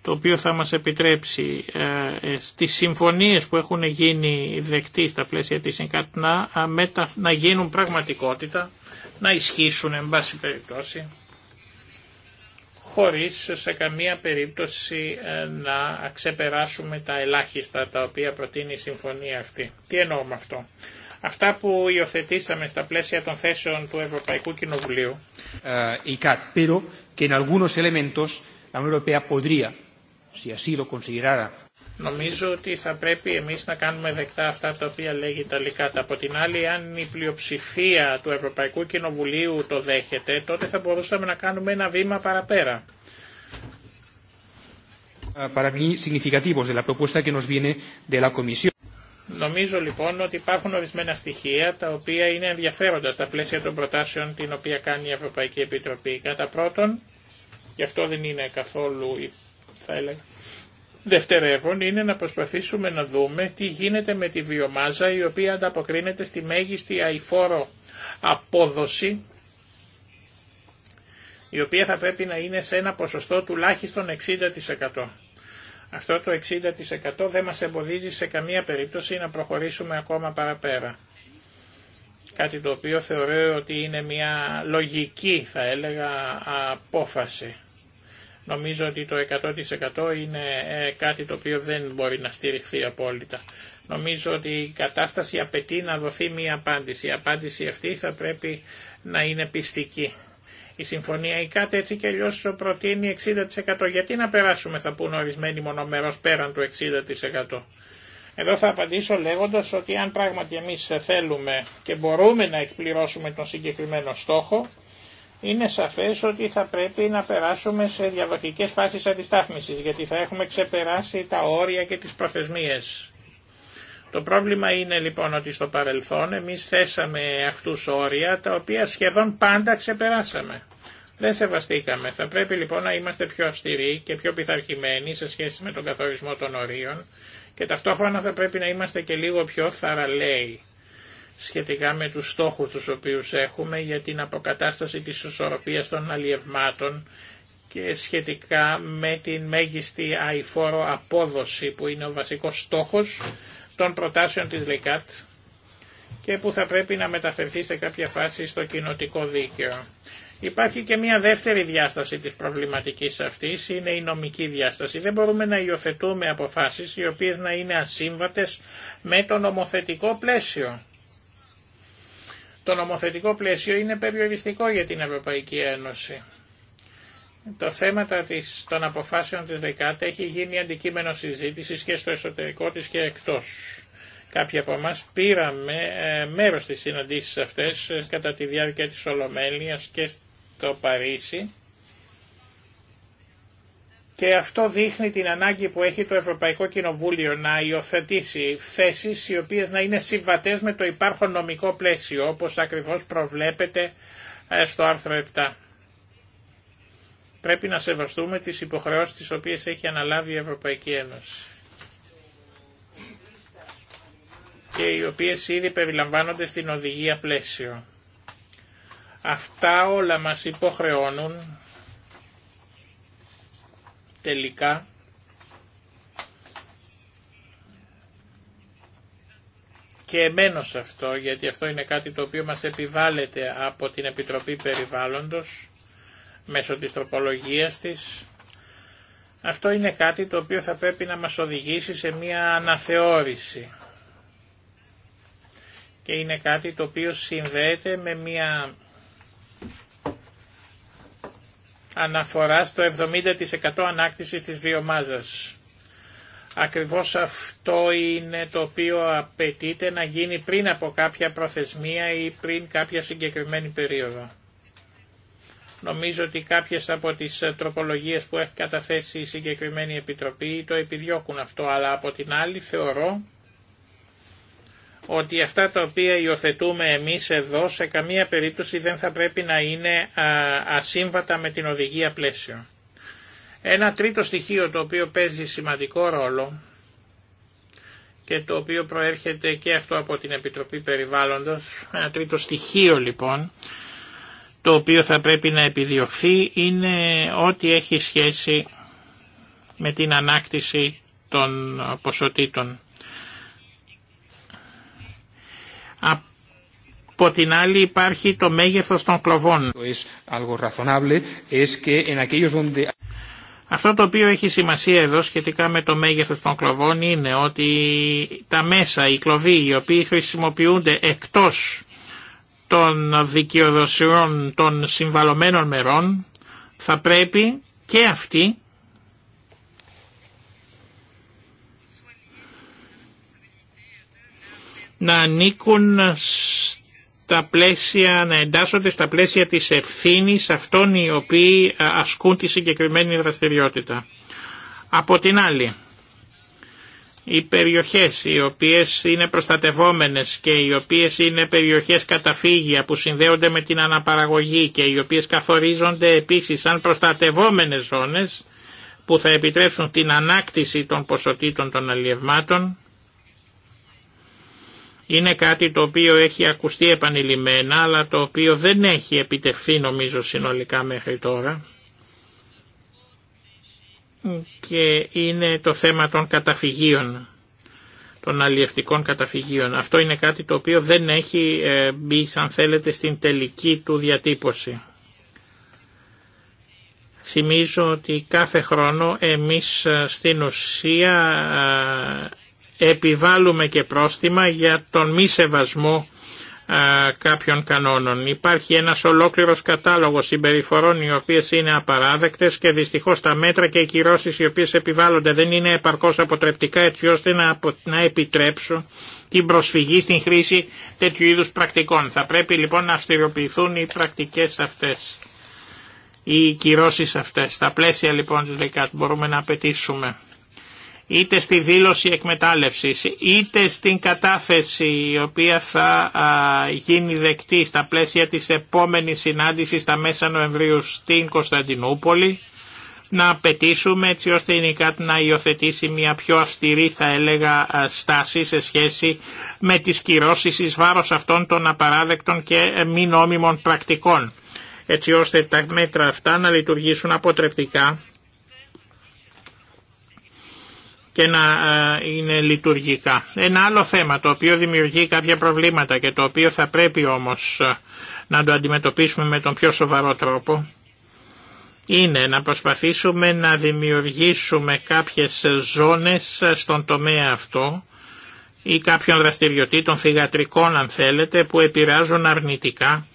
το οποίο θα μας επιτρέψει ε, στις συμφωνίες που έχουν γίνει δεκτοί στα πλαίσια της ΕΚΑΤ να, να γίνουν πραγματικότητα, να ισχύσουν εν πάση περιπτώσει, χωρίς σε καμία περίπτωση ε, να ξεπεράσουμε τα ελάχιστα τα οποία προτείνει η συμφωνία αυτή. Τι εννοώ με αυτό. Αυτά που υιοθετήσαμε στα πλαίσια των θέσεων του Ευρωπαϊκού Κοινοβουλίου. Ε, η ICAT, pero que en algunos Νομίζω ότι θα πρέπει εμείς να κάνουμε δεκτά αυτά τα οποία λέγει τα Ταλικάτα. Από την άλλη, αν η πλειοψηφία του Ευρωπαϊκού Κοινοβουλίου το δέχεται, τότε θα μπορούσαμε να κάνουμε ένα βήμα παραπέρα. Νομίζω λοιπόν ότι υπάρχουν ορισμένα στοιχεία τα οποία είναι ενδιαφέροντα στα πλαίσια των προτάσεων την οποία κάνει η Ευρωπαϊκή Επιτροπή. Κατά πρώτον, γι' αυτό δεν είναι καθόλου θα έλεγα. Δευτερεύον είναι να προσπαθήσουμε να δούμε τι γίνεται με τη βιομάζα η οποία ανταποκρίνεται στη μέγιστη αηφόρο απόδοση η οποία θα πρέπει να είναι σε ένα ποσοστό τουλάχιστον 60%. Αυτό το 60% δεν μας εμποδίζει σε καμία περίπτωση να προχωρήσουμε ακόμα παραπέρα. Κάτι το οποίο θεωρώ ότι είναι μια λογική θα έλεγα απόφαση. Νομίζω ότι το 100% είναι ε, κάτι το οποίο δεν μπορεί να στηριχθεί απόλυτα. Νομίζω ότι η κατάσταση απαιτεί να δοθεί μία απάντηση. Η απάντηση αυτή θα πρέπει να είναι πιστική. Η συμφωνία η ΚΑΤ έτσι και αλλιώ προτείνει 60%. Γιατί να περάσουμε θα πούν ορισμένοι μονομερός πέραν του 60%. Εδώ θα απαντήσω λέγοντας ότι αν πράγματι εμείς θέλουμε και μπορούμε να εκπληρώσουμε τον συγκεκριμένο στόχο, είναι σαφές ότι θα πρέπει να περάσουμε σε διαδοχικές φάσεις αντιστάθμισης, γιατί θα έχουμε ξεπεράσει τα όρια και τις προθεσμίες. Το πρόβλημα είναι λοιπόν ότι στο παρελθόν εμείς θέσαμε αυτούς όρια τα οποία σχεδόν πάντα ξεπεράσαμε. Δεν σεβαστήκαμε. Θα πρέπει λοιπόν να είμαστε πιο αυστηροί και πιο πειθαρχημένοι σε σχέση με τον καθορισμό των ορίων και ταυτόχρονα θα πρέπει να είμαστε και λίγο πιο θαραλέοι σχετικά με τους στόχους τους οποίους έχουμε για την αποκατάσταση της ισορροπίας των αλλιευμάτων και σχετικά με την μέγιστη αηφόρο απόδοση που είναι ο βασικός στόχος των προτάσεων της ΛΕΚΑΤ και που θα πρέπει να μεταφερθεί σε κάποια φάση στο κοινοτικό δίκαιο. Υπάρχει και μια δεύτερη διάσταση της προβληματικής αυτής, είναι η νομική διάσταση. Δεν μπορούμε να υιοθετούμε αποφάσεις οι οποίες να είναι ασύμβατες με το νομοθετικό πλαίσιο. Το νομοθετικό πλαίσιο είναι περιοριστικό για την Ευρωπαϊκή Ένωση. Το θέμα των αποφάσεων της ΔΕΚΑΤ έχει γίνει αντικείμενο συζήτησης και στο εσωτερικό της και εκτός. Κάποιοι από εμά πήραμε ε, μέρος στις συναντήσεις αυτές ε, κατά τη διάρκεια της Ολομέλειας και στο Παρίσι και αυτό δείχνει την ανάγκη που έχει το Ευρωπαϊκό Κοινοβούλιο να υιοθετήσει θέσει, οι οποίε να είναι συμβατέ με το υπάρχον νομικό πλαίσιο όπω ακριβώ προβλέπεται ε, στο άρθρο 7. Πρέπει να σεβαστούμε τις υποχρεώσεις τις οποίες έχει αναλάβει η Ευρωπαϊκή Ένωση και οι οποίες ήδη περιλαμβάνονται στην οδηγία πλαίσιο. Αυτά όλα μας υποχρεώνουν τελικά και εμένω σε αυτό, γιατί αυτό είναι κάτι το οποίο μας επιβάλλεται από την Επιτροπή Περιβάλλοντος μέσω της τροπολογίας της. Αυτό είναι κάτι το οποίο θα πρέπει να μας οδηγήσει σε μια αναθεώρηση και είναι κάτι το οποίο συνδέεται με μια αναφορά στο 70% ανάκτησης της βιομάζας. Ακριβώς αυτό είναι το οποίο απαιτείται να γίνει πριν από κάποια προθεσμία ή πριν κάποια συγκεκριμένη περίοδο. Νομίζω ότι κάποιες από τις τροπολογίες που έχει καταθέσει η συγκεκριμένη επιτροπή το επιδιώκουν αυτό, αλλά από την άλλη θεωρώ ότι αυτά τα οποία υιοθετούμε εμείς εδώ σε καμία περίπτωση δεν θα πρέπει να είναι ασύμβατα με την οδηγία πλαίσιο. Ένα τρίτο στοιχείο το οποίο παίζει σημαντικό ρόλο και το οποίο προέρχεται και αυτό από την Επιτροπή Περιβάλλοντος, ένα τρίτο στοιχείο λοιπόν, το οποίο θα πρέπει να επιδιωχθεί είναι ό,τι έχει σχέση με την ανάκτηση των ποσοτήτων. Από την άλλη υπάρχει το μέγεθος των κλοβών. Αυτό το οποίο έχει σημασία εδώ σχετικά με το μέγεθος των κλοβών είναι ότι τα μέσα, οι κλοβοί οι οποίοι χρησιμοποιούνται εκτός των δικαιοδοσιών των συμβαλωμένων μερών θα πρέπει και αυτοί να ανήκουν τα πλαίσια, να εντάσσονται στα πλαίσια της ευθύνη αυτών οι οποίοι ασκούν τη συγκεκριμένη δραστηριότητα. Από την άλλη, οι περιοχές οι οποίες είναι προστατευόμενες και οι οποίες είναι περιοχές καταφύγια που συνδέονται με την αναπαραγωγή και οι οποίες καθορίζονται επίσης σαν προστατευόμενες ζώνες που θα επιτρέψουν την ανάκτηση των ποσοτήτων των αλλιευμάτων είναι κάτι το οποίο έχει ακουστεί επανειλημμένα αλλά το οποίο δεν έχει επιτευχθεί νομίζω συνολικά μέχρι τώρα και είναι το θέμα των καταφυγίων, των αλλιευτικών καταφυγίων. Αυτό είναι κάτι το οποίο δεν έχει ε, μπει, αν θέλετε, στην τελική του διατύπωση. Θυμίζω ότι κάθε χρόνο εμείς ε, στην ουσία ε, επιβάλλουμε και πρόστιμα για τον μη σεβασμό κάποιων κανόνων. Υπάρχει ένας ολόκληρος κατάλογος συμπεριφορών οι οποίες είναι απαράδεκτες και δυστυχώς τα μέτρα και οι κυρώσεις οι οποίες επιβάλλονται δεν είναι επαρκώς αποτρεπτικά έτσι ώστε να, να επιτρέψουν την προσφυγή στην χρήση τέτοιου είδους πρακτικών. Θα πρέπει λοιπόν να αυστηριοποιηθούν οι πρακτικές αυτές, οι κυρώσεις αυτές. Στα πλαίσια λοιπόν της ΔΕΚΑΤ μπορούμε να απαιτήσουμε είτε στη δήλωση εκμετάλλευσης, είτε στην κατάθεση η οποία θα γίνει δεκτή στα πλαίσια της επόμενης συνάντησης στα μέσα Νοεμβρίου στην Κωνσταντινούπολη, να απαιτήσουμε έτσι ώστε η ΝΙΚΑΤ να υιοθετήσει μια πιο αυστηρή θα έλεγα στάση σε σχέση με τις κυρώσεις εις βάρος αυτών των απαράδεκτων και μη νόμιμων πρακτικών έτσι ώστε τα μέτρα αυτά να λειτουργήσουν αποτρεπτικά και να ε, είναι λειτουργικά. Ένα άλλο θέμα το οποίο δημιουργεί κάποια προβλήματα και το οποίο θα πρέπει όμως ε, να το αντιμετωπίσουμε με τον πιο σοβαρό τρόπο είναι να προσπαθήσουμε να δημιουργήσουμε κάποιες ζώνες στον τομέα αυτό ή κάποιων δραστηριοτήτων θυγατρικών αν θέλετε που επηρεάζουν αρνητικά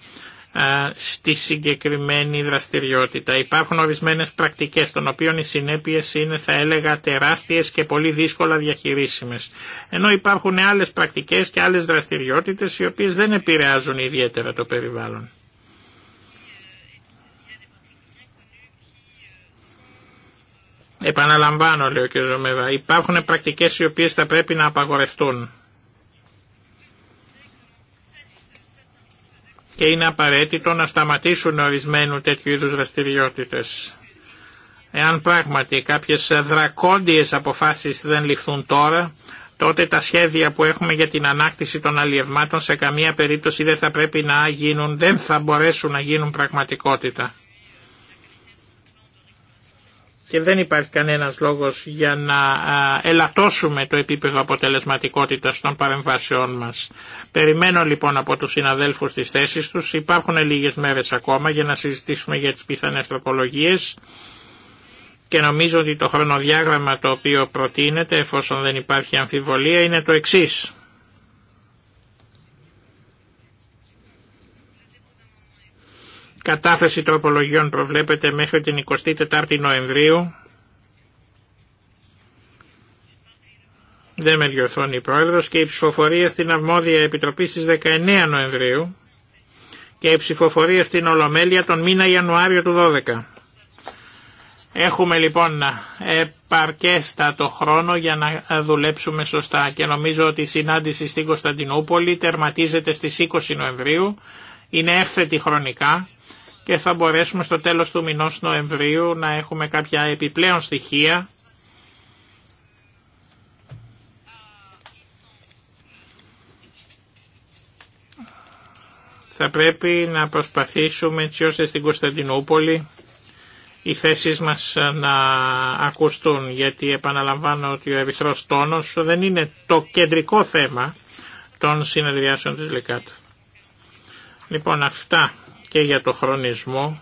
στη συγκεκριμένη δραστηριότητα. Υπάρχουν ορισμένες πρακτικές των οποίων οι συνέπειες είναι θα έλεγα τεράστιες και πολύ δύσκολα διαχειρίσιμες. Ενώ υπάρχουν άλλες πρακτικές και άλλες δραστηριότητες οι οποίες δεν επηρεάζουν ιδιαίτερα το περιβάλλον. Επαναλαμβάνω, λέει ο κ. Ζωμεβά, υπάρχουν πρακτικές οι οποίες θα πρέπει να απαγορευτούν. και είναι απαραίτητο να σταματήσουν ορισμένου τέτοιου είδους δραστηριότητες. Εάν πράγματι κάποιες δρακόντιες αποφάσεις δεν ληφθούν τώρα, τότε τα σχέδια που έχουμε για την ανάκτηση των αλλιευμάτων σε καμία περίπτωση δεν θα πρέπει να γίνουν, δεν θα μπορέσουν να γίνουν πραγματικότητα και δεν υπάρχει κανένας λόγος για να ελαττώσουμε το επίπεδο αποτελεσματικότητας των παρεμβάσεών μας. Περιμένω λοιπόν από τους συναδέλφους τις θέσεις τους. Υπάρχουν λίγες μέρες ακόμα για να συζητήσουμε για τις πιθανές τροπολογίες και νομίζω ότι το χρονοδιάγραμμα το οποίο προτείνεται εφόσον δεν υπάρχει αμφιβολία είναι το εξής. Κατάθεση τροπολογιών προβλέπεται μέχρι την 24η Νοεμβρίου. Δεν με διορθώνει η Πρόεδρος και η ψηφοφορία στην Αρμόδια Επιτροπή στις 19 Νοεμβρίου και η ψηφοφορία στην Ολομέλεια τον μήνα Ιανουάριο του 12. Έχουμε λοιπόν επαρκέστατο χρόνο για να δουλέψουμε σωστά και νομίζω ότι η συνάντηση στην Κωνσταντινούπολη τερματίζεται στις 20 Νοεμβρίου, είναι εύθετη χρονικά και θα μπορέσουμε στο τέλος του μηνός Νοεμβρίου να έχουμε κάποια επιπλέον στοιχεία θα πρέπει να προσπαθήσουμε έτσι ώστε στην Κωνσταντινούπολη οι θέσεις μας να ακουστούν γιατί επαναλαμβάνω ότι ο ερυθρός τόνος δεν είναι το κεντρικό θέμα των συνεδριάσεων της ΛΕΚΑΤ. Λοιπόν αυτά και για το χρονισμό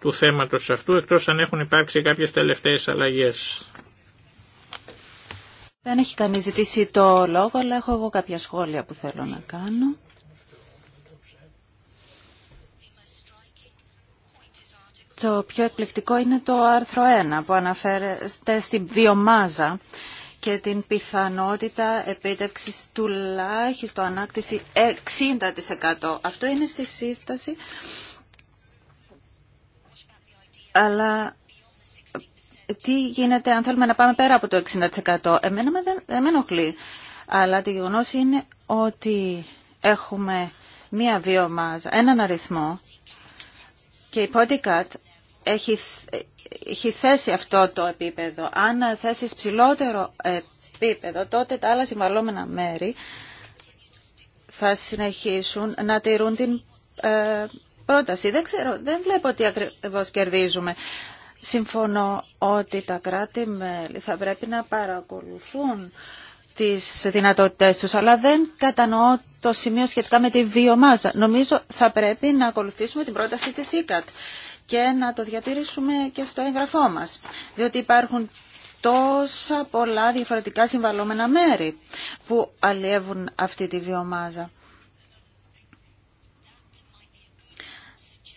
του θέματος αυτού, εκτός αν έχουν υπάρξει κάποιες τελευταίες αλλαγές. Δεν έχει κανεί ζητήσει το λόγο, αλλά έχω εγώ κάποια σχόλια που θέλω να κάνω. Το πιο εκπληκτικό είναι το άρθρο 1 που αναφέρεται στην βιομάζα και την πιθανότητα επίτευξης τουλάχιστον ανάκτηση 60%. Αυτό είναι στη σύσταση, αλλά τι γίνεται αν θέλουμε να πάμε πέρα από το 60%. Εμένα με δεν, με ενοχλεί, αλλά το γνώση είναι ότι έχουμε μία βιομάζα, έναν αριθμό και η Podicat έχει έχει θέσει αυτό το επίπεδο. Αν θέσει ψηλότερο επίπεδο, τότε τα άλλα συμβαλόμενα μέρη θα συνεχίσουν να τηρούν την ε, πρόταση. Δεν ξέρω, δεν βλέπω τι ακριβώς κερδίζουμε. Συμφωνώ ότι τα κράτη-μέλη θα πρέπει να παρακολουθούν τις δυνατότητές τους, αλλά δεν κατανοώ το σημείο σχετικά με τη βιομάζα. Νομίζω θα πρέπει να ακολουθήσουμε την πρόταση της ΕΚΑΤ και να το διατηρήσουμε και στο έγγραφό μας. Διότι υπάρχουν τόσα πολλά διαφορετικά συμβαλόμενα μέρη που αλλιεύουν αυτή τη βιομάζα.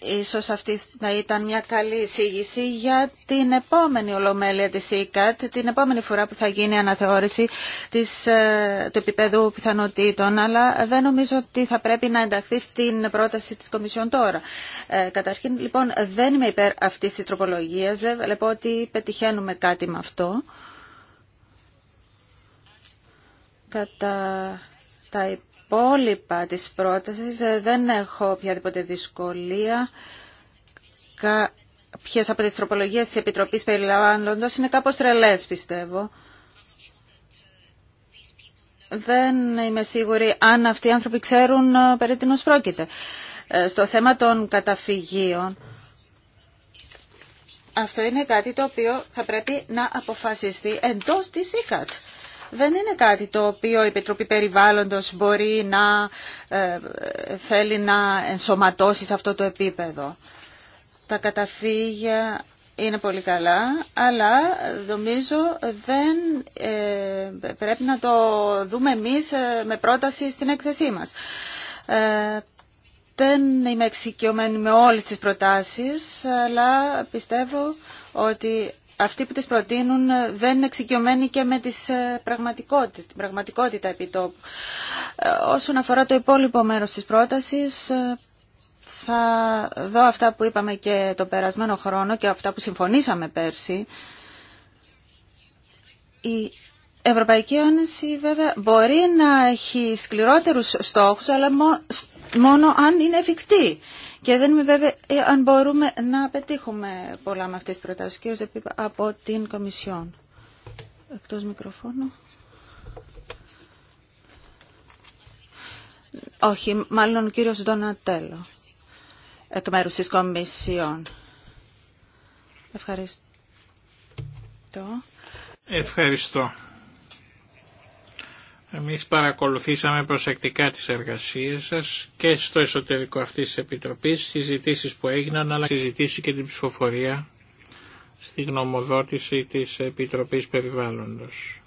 Ίσως αυτή να ήταν μια καλή εισήγηση για την επόμενη ολομέλεια της ΕΚΑΤ, την επόμενη φορά που θα γίνει η αναθεώρηση της, ε, του επίπεδου πιθανότητων, αλλά δεν νομίζω ότι θα πρέπει να ενταχθεί στην πρόταση της Κομισιόν τώρα. Ε, καταρχήν, λοιπόν, δεν είμαι υπέρ αυτής της τροπολογίας, δεν βλέπω ότι πετυχαίνουμε κάτι με αυτό. Κατά τα υπόλοιπα της πρότασης ε, δεν έχω οποιαδήποτε δυσκολία. ποιε από τις τροπολογίες της Επιτροπής Περιλαμβάνοντος είναι κάπως τρελές πιστεύω. Δεν είμαι σίγουρη αν αυτοί οι άνθρωποι ξέρουν ε, περί τίνος πρόκειται. Ε, στο θέμα των καταφυγίων, αυτό είναι κάτι το οποίο θα πρέπει να αποφασιστεί εντός της ΕΚΑΤ δεν είναι κάτι το οποίο η Επιτροπή Περιβάλλοντος μπορεί να ε, θέλει να ενσωματώσει σε αυτό το επίπεδο. Τα καταφύγια είναι πολύ καλά, αλλά νομίζω δεν ε, πρέπει να το δούμε εμείς ε, με πρόταση στην έκθεσή μας. Ε, δεν είμαι εξοικειωμένη με όλες τις προτάσεις, αλλά πιστεύω ότι αυτοί που τις προτείνουν ε, δεν είναι εξοικειωμένοι και με τις ε, πραγματικότητες, την πραγματικότητα επιτόπου. Ε, όσον αφορά το υπόλοιπο μέρος της πρότασης, θα δω αυτά που είπαμε και το περασμένο χρόνο και αυτά που συμφωνήσαμε πέρσι. Η Ευρωπαϊκή Ένωση βέβαια μπορεί να έχει σκληρότερους στόχους, αλλά μόνο αν είναι εφικτή. Και δεν είμαι βέβαια ε, αν μπορούμε να πετύχουμε πολλά με τι τις προτάσεις. Ζεπίπα, από την Κομισιόν. Εκτός μικροφώνου. Όχι, μάλλον ο κύριος Ντονατέλο, εκ μέρους της Κομισιόν. Ευχαριστώ. Ευχαριστώ. Εμείς παρακολουθήσαμε προσεκτικά τις εργασίες σας και στο εσωτερικό αυτής της Επιτροπής, συζητήσεις που έγιναν, αλλά συζητήσει και την ψηφοφορία στη γνωμοδότηση της Επιτροπής Περιβάλλοντος.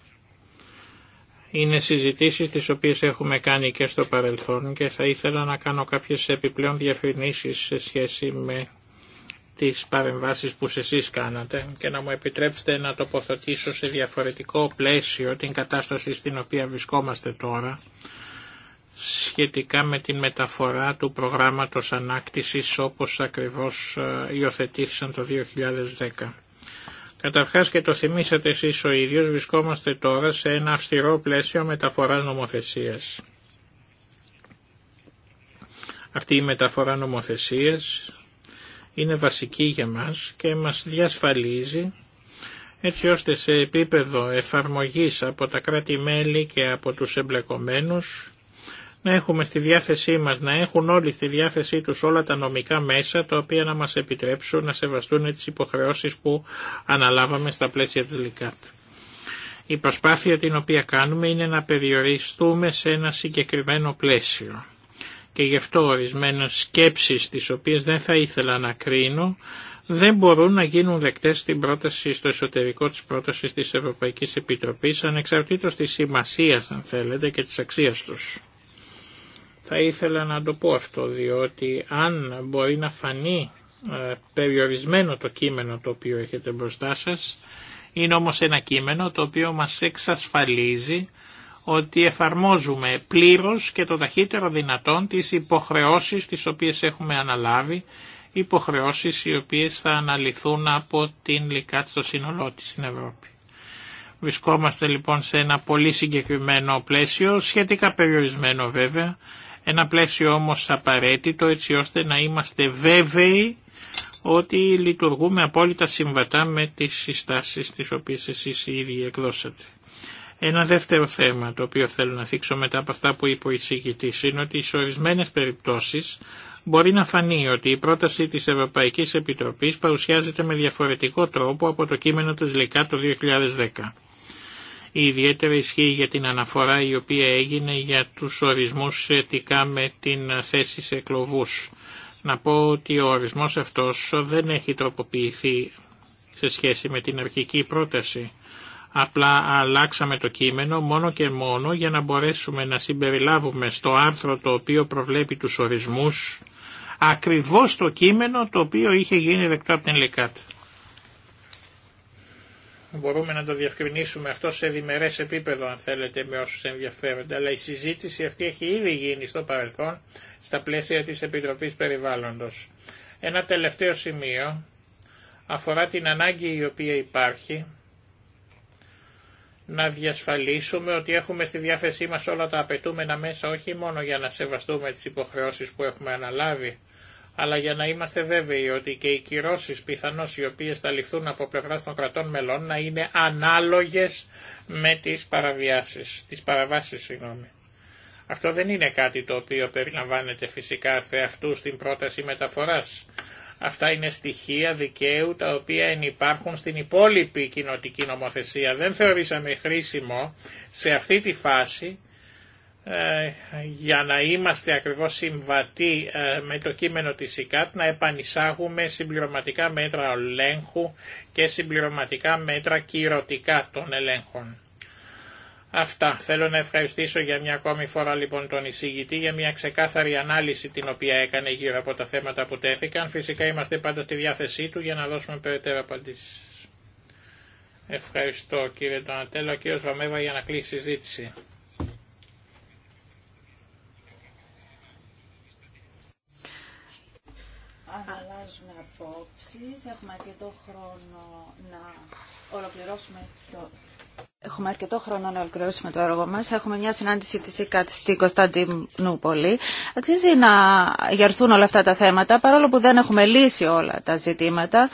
Είναι συζητήσεις τις οποίες έχουμε κάνει και στο παρελθόν και θα ήθελα να κάνω κάποιες επιπλέον διαφημίσεις σε σχέση με τις παρεμβάσεις που εσείς κάνατε και να μου επιτρέψετε να τοποθετήσω σε διαφορετικό πλαίσιο την κατάσταση στην οποία βρισκόμαστε τώρα σχετικά με την μεταφορά του προγράμματος ανάκτησης όπως ακριβώς ε, υιοθετήθησαν το 2010. Καταρχάς και το θυμήσατε εσείς ο ίδιος βρισκόμαστε τώρα σε ένα αυστηρό πλαίσιο μεταφοράς νομοθεσίας. Αυτή η μεταφορά νομοθεσίας είναι βασική για μας και μας διασφαλίζει έτσι ώστε σε επίπεδο εφαρμογής από τα κράτη-μέλη και από τους εμπλεκομένους να έχουμε στη διάθεσή μας, να έχουν όλοι στη διάθεσή τους όλα τα νομικά μέσα τα οποία να μας επιτρέψουν να σεβαστούν τις υποχρεώσεις που αναλάβαμε στα πλαίσια της ΛΙΚΑΤ. Η προσπάθεια την οποία κάνουμε είναι να περιοριστούμε σε ένα συγκεκριμένο πλαίσιο και γι' αυτό ορισμένε σκέψεις τις οποίες δεν θα ήθελα να κρίνω δεν μπορούν να γίνουν δεκτές στην πρόταση, στο εσωτερικό της πρότασης της Ευρωπαϊκής Επιτροπής ανεξαρτήτως της σημασίας αν θέλετε και της αξίας τους. Θα ήθελα να το πω αυτό διότι αν μπορεί να φανεί ε, περιορισμένο το κείμενο το οποίο έχετε μπροστά σας είναι όμως ένα κείμενο το οποίο μας εξασφαλίζει ότι εφαρμόζουμε πλήρως και το ταχύτερο δυνατόν τις υποχρεώσεις τις οποίες έχουμε αναλάβει, υποχρεώσεις οι οποίες θα αναλυθούν από την ΛΙΚΑΤ στο σύνολό της στην Ευρώπη. Βρισκόμαστε λοιπόν σε ένα πολύ συγκεκριμένο πλαίσιο, σχετικά περιορισμένο βέβαια, ένα πλαίσιο όμως απαραίτητο έτσι ώστε να είμαστε βέβαιοι ότι λειτουργούμε απόλυτα συμβατά με τις συστάσεις τις οποίες εσείς οι εκδώσατε. Ένα δεύτερο θέμα το οποίο θέλω να θίξω μετά από αυτά που είπε ο εισηγητής είναι ότι σε ορισμένε περιπτώσεις μπορεί να φανεί ότι η πρόταση της Ευρωπαϊκής Επιτροπής παρουσιάζεται με διαφορετικό τρόπο από το κείμενο της ΛΚΑ το 2010. Η ιδιαίτερη ισχύει για την αναφορά η οποία έγινε για τους ορισμούς σχετικά με την θέση σε κλωβούς. Να πω ότι ο ορισμός αυτός δεν έχει τροποποιηθεί σε σχέση με την αρχική πρόταση. Απλά αλλάξαμε το κείμενο μόνο και μόνο για να μπορέσουμε να συμπεριλάβουμε στο άρθρο το οποίο προβλέπει τους ορισμούς ακριβώς το κείμενο το οποίο είχε γίνει δεκτό από την ΛΕΚΑΤ. Μπορούμε να το διευκρινίσουμε αυτό σε διμερές επίπεδο αν θέλετε με όσους ενδιαφέρονται, αλλά η συζήτηση αυτή έχει ήδη γίνει στο παρελθόν στα πλαίσια της Επιτροπής Περιβάλλοντος. Ένα τελευταίο σημείο αφορά την ανάγκη η οποία υπάρχει να διασφαλίσουμε ότι έχουμε στη διάθεσή μας όλα τα απαιτούμενα μέσα όχι μόνο για να σεβαστούμε τις υποχρεώσεις που έχουμε αναλάβει, αλλά για να είμαστε βέβαιοι ότι και οι κυρώσεις πιθανώς οι οποίες θα ληφθούν από πλευρά των κρατών μελών να είναι ανάλογες με τις παραβιάσεις, τις παραβάσεις συγγνώμη. Αυτό δεν είναι κάτι το οποίο περιλαμβάνεται φυσικά σε αυτού στην πρόταση μεταφοράς, Αυτά είναι στοιχεία δικαίου τα οποία ενυπάρχουν στην υπόλοιπη κοινοτική νομοθεσία. Δεν θεωρήσαμε χρήσιμο σε αυτή τη φάση ε, για να είμαστε ακριβώς συμβατοί ε, με το κείμενο της ΙΚΑΤ να επανισάγουμε συμπληρωματικά μέτρα ελέγχου και συμπληρωματικά μέτρα κυρωτικά των ελέγχων. Αυτά. Θέλω να ευχαριστήσω για μια ακόμη φορά λοιπόν τον εισηγητή για μια ξεκάθαρη ανάλυση την οποία έκανε γύρω από τα θέματα που τέθηκαν. Φυσικά είμαστε πάντα στη διάθεσή του για να δώσουμε περαιτέρω απαντήσεις. Ευχαριστώ κύριε Ντονατέλο. Κύριο Βαμέβα για να κλείσει η συζήτηση. Αλλάζουμε απόψεις. Έχουμε χρόνο να ολοκληρώσουμε το Έχουμε αρκετό χρόνο να ολοκληρώσουμε το έργο μας. Έχουμε μια συνάντηση της ΕΚΑΤ στην Κωνσταντινούπολη. Αξίζει να γερθούν όλα αυτά τα θέματα, παρόλο που δεν έχουμε λύσει όλα τα ζητήματα.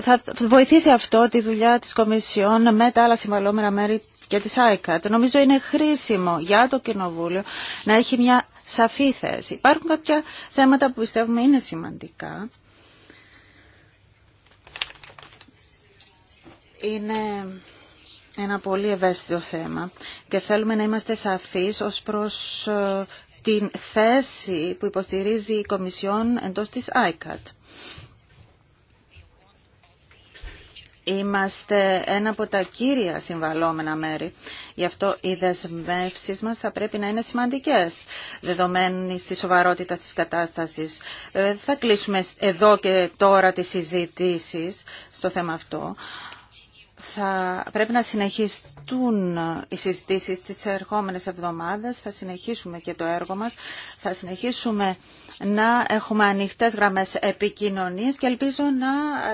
Θα βοηθήσει αυτό τη δουλειά της Κομισιόν με τα άλλα συμβαλόμενα μέρη και τη ΆΕΚΑΤ. Νομίζω είναι χρήσιμο για το Κοινοβούλιο να έχει μια σαφή θέση. Υπάρχουν κάποια θέματα που πιστεύουμε είναι σημαντικά. Είναι ένα πολύ ευαίσθητο θέμα και θέλουμε να είμαστε σαφείς ως προς ε, την θέση που υποστηρίζει η Κομισιόν εντός της ICAT. Είμαστε ένα από τα κύρια συμβαλόμενα μέρη. Γι' αυτό οι δεσμεύσει μας θα πρέπει να είναι σημαντικές, δεδομένης της σοβαρότητας της κατάστασης. Ε, θα κλείσουμε εδώ και τώρα τις συζητήσεις στο θέμα αυτό θα πρέπει να συνεχιστούν οι συζητήσεις τις ερχόμενες εβδομάδες. Θα συνεχίσουμε και το έργο μας. Θα συνεχίσουμε να έχουμε ανοιχτές γραμμές επικοινωνίας και ελπίζω να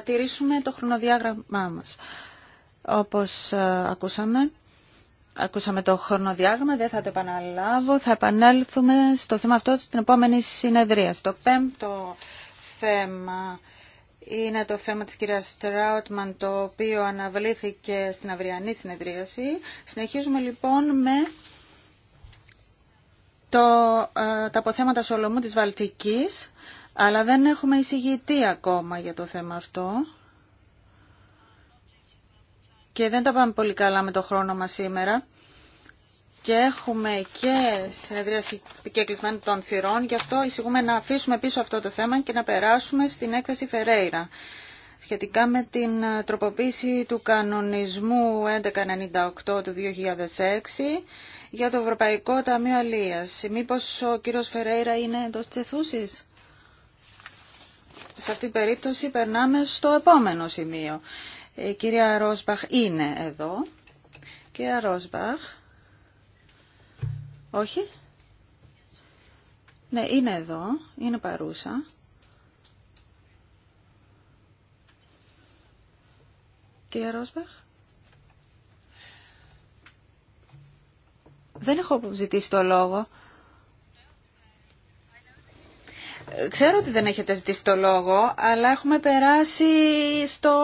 τηρήσουμε το χρονοδιάγραμμά μας. Όπως ε, ακούσαμε, ακούσαμε το χρονοδιάγραμμα, δεν θα το επαναλάβω. Θα επανέλθουμε στο θέμα αυτό στην επόμενη συνεδρία. Στο πέμπτο θέμα είναι το θέμα της κυρίας Στράουτμαν, το οποίο αναβλήθηκε στην αυριανή συνεδρίαση. Συνεχίζουμε λοιπόν με το, ε, τα αποθέματα Σολομού της Βαλτικής, αλλά δεν έχουμε εισηγητή ακόμα για το θέμα αυτό. Και δεν τα πάμε πολύ καλά με το χρόνο μας σήμερα και έχουμε και συνεδρίαση και κλεισμένη των θυρών. Γι' αυτό εισηγούμε να αφήσουμε πίσω αυτό το θέμα και να περάσουμε στην έκθεση Φερέιρα σχετικά με την ε, τροποποίηση του κανονισμού 1198 του 2006 για το Ευρωπαϊκό Ταμείο Αλίας. Μήπως ο κύριος Φερέιρα είναι εντός της αιθούσης? Σε αυτή την περίπτωση περνάμε στο επόμενο σημείο. Η ε, κυρία Ρόσμπαχ είναι εδώ. Κυρία Ρόσμπαχ. Όχι. Ναι, είναι εδώ, είναι παρούσα. Κυρία Ρόσμπαχ. Δεν έχω ζητήσει το λόγο. Ξέρω ότι δεν έχετε ζητήσει το λόγο, αλλά έχουμε περάσει στο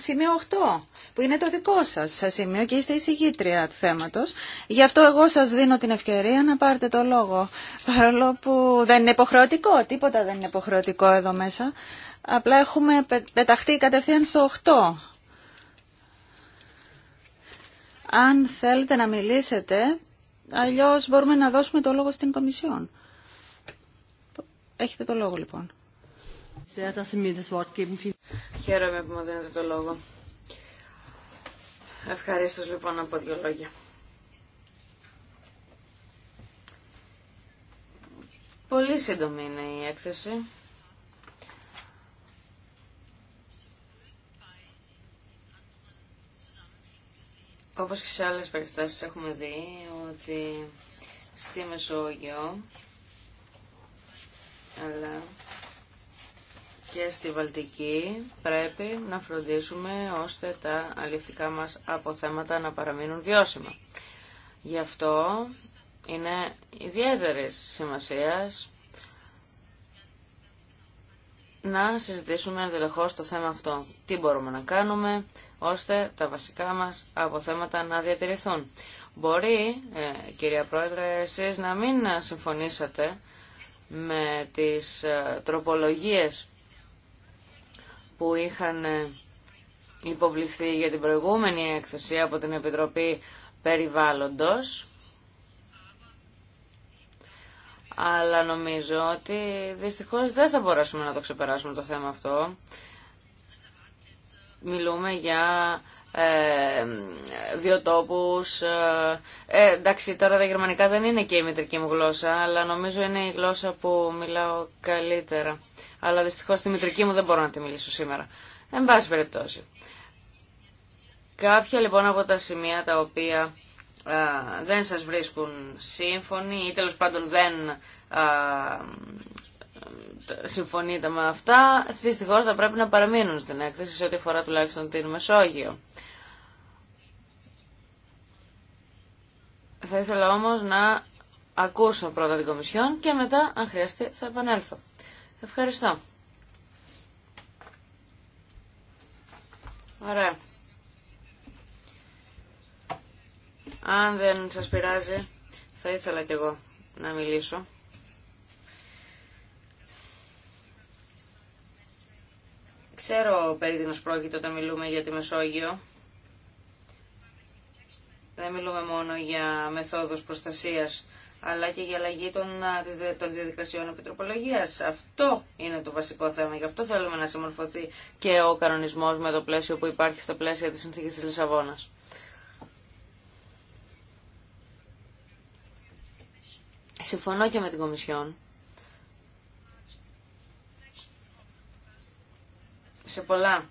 σημείο 8 που είναι το δικό σας σημείο και είστε η εισηγήτρια του θέματο. Γι' αυτό εγώ σας δίνω την ευκαιρία να πάρετε το λόγο. Παρόλο που δεν είναι υποχρεωτικό, τίποτα δεν είναι υποχρεωτικό εδώ μέσα. Απλά έχουμε πεταχτεί κατευθείαν στο 8. Αν θέλετε να μιλήσετε, αλλιώς μπορούμε να δώσουμε το λόγο στην Κομισιόν. Έχετε το λόγο λοιπόν. Χαίρομαι που μου δίνετε το λόγο. Ευχαρίστω λοιπόν από δύο λόγια. Πολύ σύντομη είναι η έκθεση. Όπως και σε άλλες περιστάσεις έχουμε δει ότι στη Μεσόγειο αλλά και στη Βαλτική πρέπει να φροντίσουμε ώστε τα αλληλευτικά μας αποθέματα να παραμείνουν βιώσιμα. Γι' αυτό είναι ιδιαίτερης σημασίας να συζητήσουμε εντελεχώς το θέμα αυτό. Τι μπορούμε να κάνουμε ώστε τα βασικά μας αποθέματα να διατηρηθούν. Μπορεί, ε, κυρία Πρόεδρε, εσείς να μην συμφωνήσατε με τις ε, τροπολογίες που είχαν ε, υποβληθεί για την προηγούμενη έκθεση από την Επιτροπή Περιβάλλοντος. Αλλά νομίζω ότι δυστυχώς δεν θα μπορέσουμε να το ξεπεράσουμε το θέμα αυτό. Μιλούμε για ε, βιοτόπους. Ε, ε εντάξει, τώρα τα γερμανικά δεν είναι και η μητρική μου γλώσσα, αλλά νομίζω είναι η γλώσσα που μιλάω καλύτερα αλλά δυστυχώ τη μητρική μου δεν μπορώ να τη μιλήσω σήμερα. Εν πάση περιπτώσει. Κάποια λοιπόν από τα σημεία τα οποία δεν σας βρίσκουν σύμφωνοι ή τέλος πάντων δεν α, συμφωνείτε με αυτά, δυστυχώς θα πρέπει να παραμείνουν στην έκθεση σε ό,τι αφορά τουλάχιστον την Μεσόγειο. Θα ήθελα όμως να ακούσω πρώτα την Κομισιόν και μετά, αν χρειαστεί, θα επανέλθω. Ευχαριστώ. Ωραία. Αν δεν σας πειράζει, θα ήθελα κι εγώ να μιλήσω. Ξέρω περί τίνος πρόκειται όταν μιλούμε για τη Μεσόγειο. Δεν μιλούμε μόνο για μεθόδους προστασίας αλλά και για αλλαγή των, των διαδικασιών επιτροπολογία. Αυτό είναι το βασικό θέμα. Γι' αυτό θέλουμε να συμμορφωθεί και ο κανονισμός με το πλαίσιο που υπάρχει στα πλαίσια της συνθήκη της Λισαβόνα. Συμφωνώ και με την Κομισιόν. Σε πολλά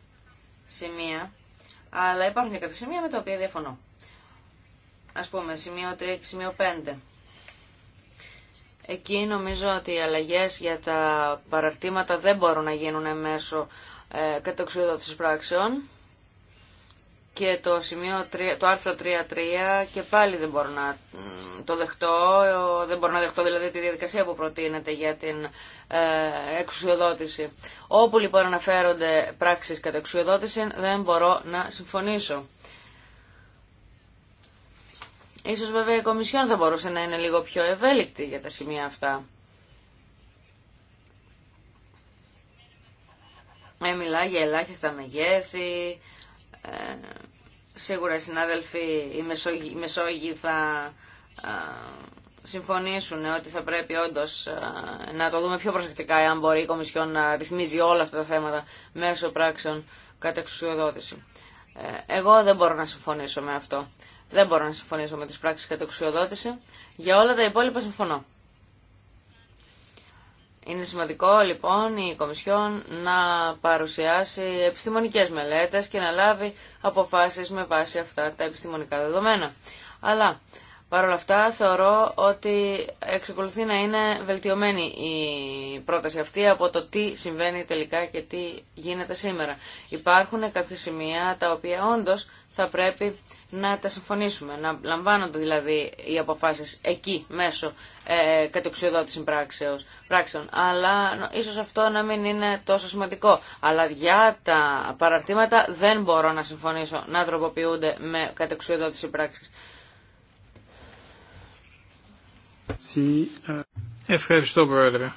σημεία, αλλά υπάρχουν και κάποια σημεία με τα οποία διαφωνώ. Ας πούμε, σημείο 3 και σημείο 5 Εκεί νομίζω ότι οι αλλαγές για τα παραρτήματα δεν μπορούν να γίνουν μέσω ε, πράξεων και το, σημείο, το άρθρο 3.3 και πάλι δεν μπορώ να το δεχτώ, δεν μπορώ να δεχτώ δηλαδή τη διαδικασία που προτείνεται για την ε, εξουσιοδότηση. Όπου λοιπόν αναφέρονται πράξεις κατά δεν μπορώ να συμφωνήσω. Ίσως βέβαια η Κομισιόν θα μπορούσε να είναι λίγο πιο ευέλικτη για τα σημεία αυτά. Ε, μιλά για ελάχιστα μεγέθη. Ε, σίγουρα οι συνάδελφοι, οι Μεσόγειοι, οι Μεσόγειοι θα ε, συμφωνήσουν ε, ότι θα πρέπει όντω ε, να το δούμε πιο προσεκτικά αν μπορεί η Κομισιόν να ρυθμίζει όλα αυτά τα θέματα μέσω πράξεων κατά εξουσιοδότηση. Εγώ δεν μπορώ να συμφωνήσω με αυτό. Δεν μπορώ να συμφωνήσω με τις πράξεις εξουσιοδότηση. Για όλα τα υπόλοιπα συμφωνώ. Είναι σημαντικό λοιπόν η Κομισιόν να παρουσιάσει επιστημονικές μελέτες και να λάβει αποφάσεις με βάση αυτά τα επιστημονικά δεδομένα. Αλλά Παρ' όλα αυτά θεωρώ ότι εξακολουθεί να είναι βελτιωμένη η πρόταση αυτή από το τι συμβαίνει τελικά και τι γίνεται σήμερα. Υπάρχουν κάποια σημεία τα οποία όντως θα πρέπει να τα συμφωνήσουμε, να λαμβάνονται δηλαδή οι αποφάσεις εκεί μέσω ε, κατοξιοδότηση πράξεων. Αλλά ίσως αυτό να μην είναι τόσο σημαντικό. Αλλά για τα παραρτήματα δεν μπορώ να συμφωνήσω να τροποποιούνται με κατοξιοδότηση πράξης. Euh. Ευχαριστώ Πρόεδρε.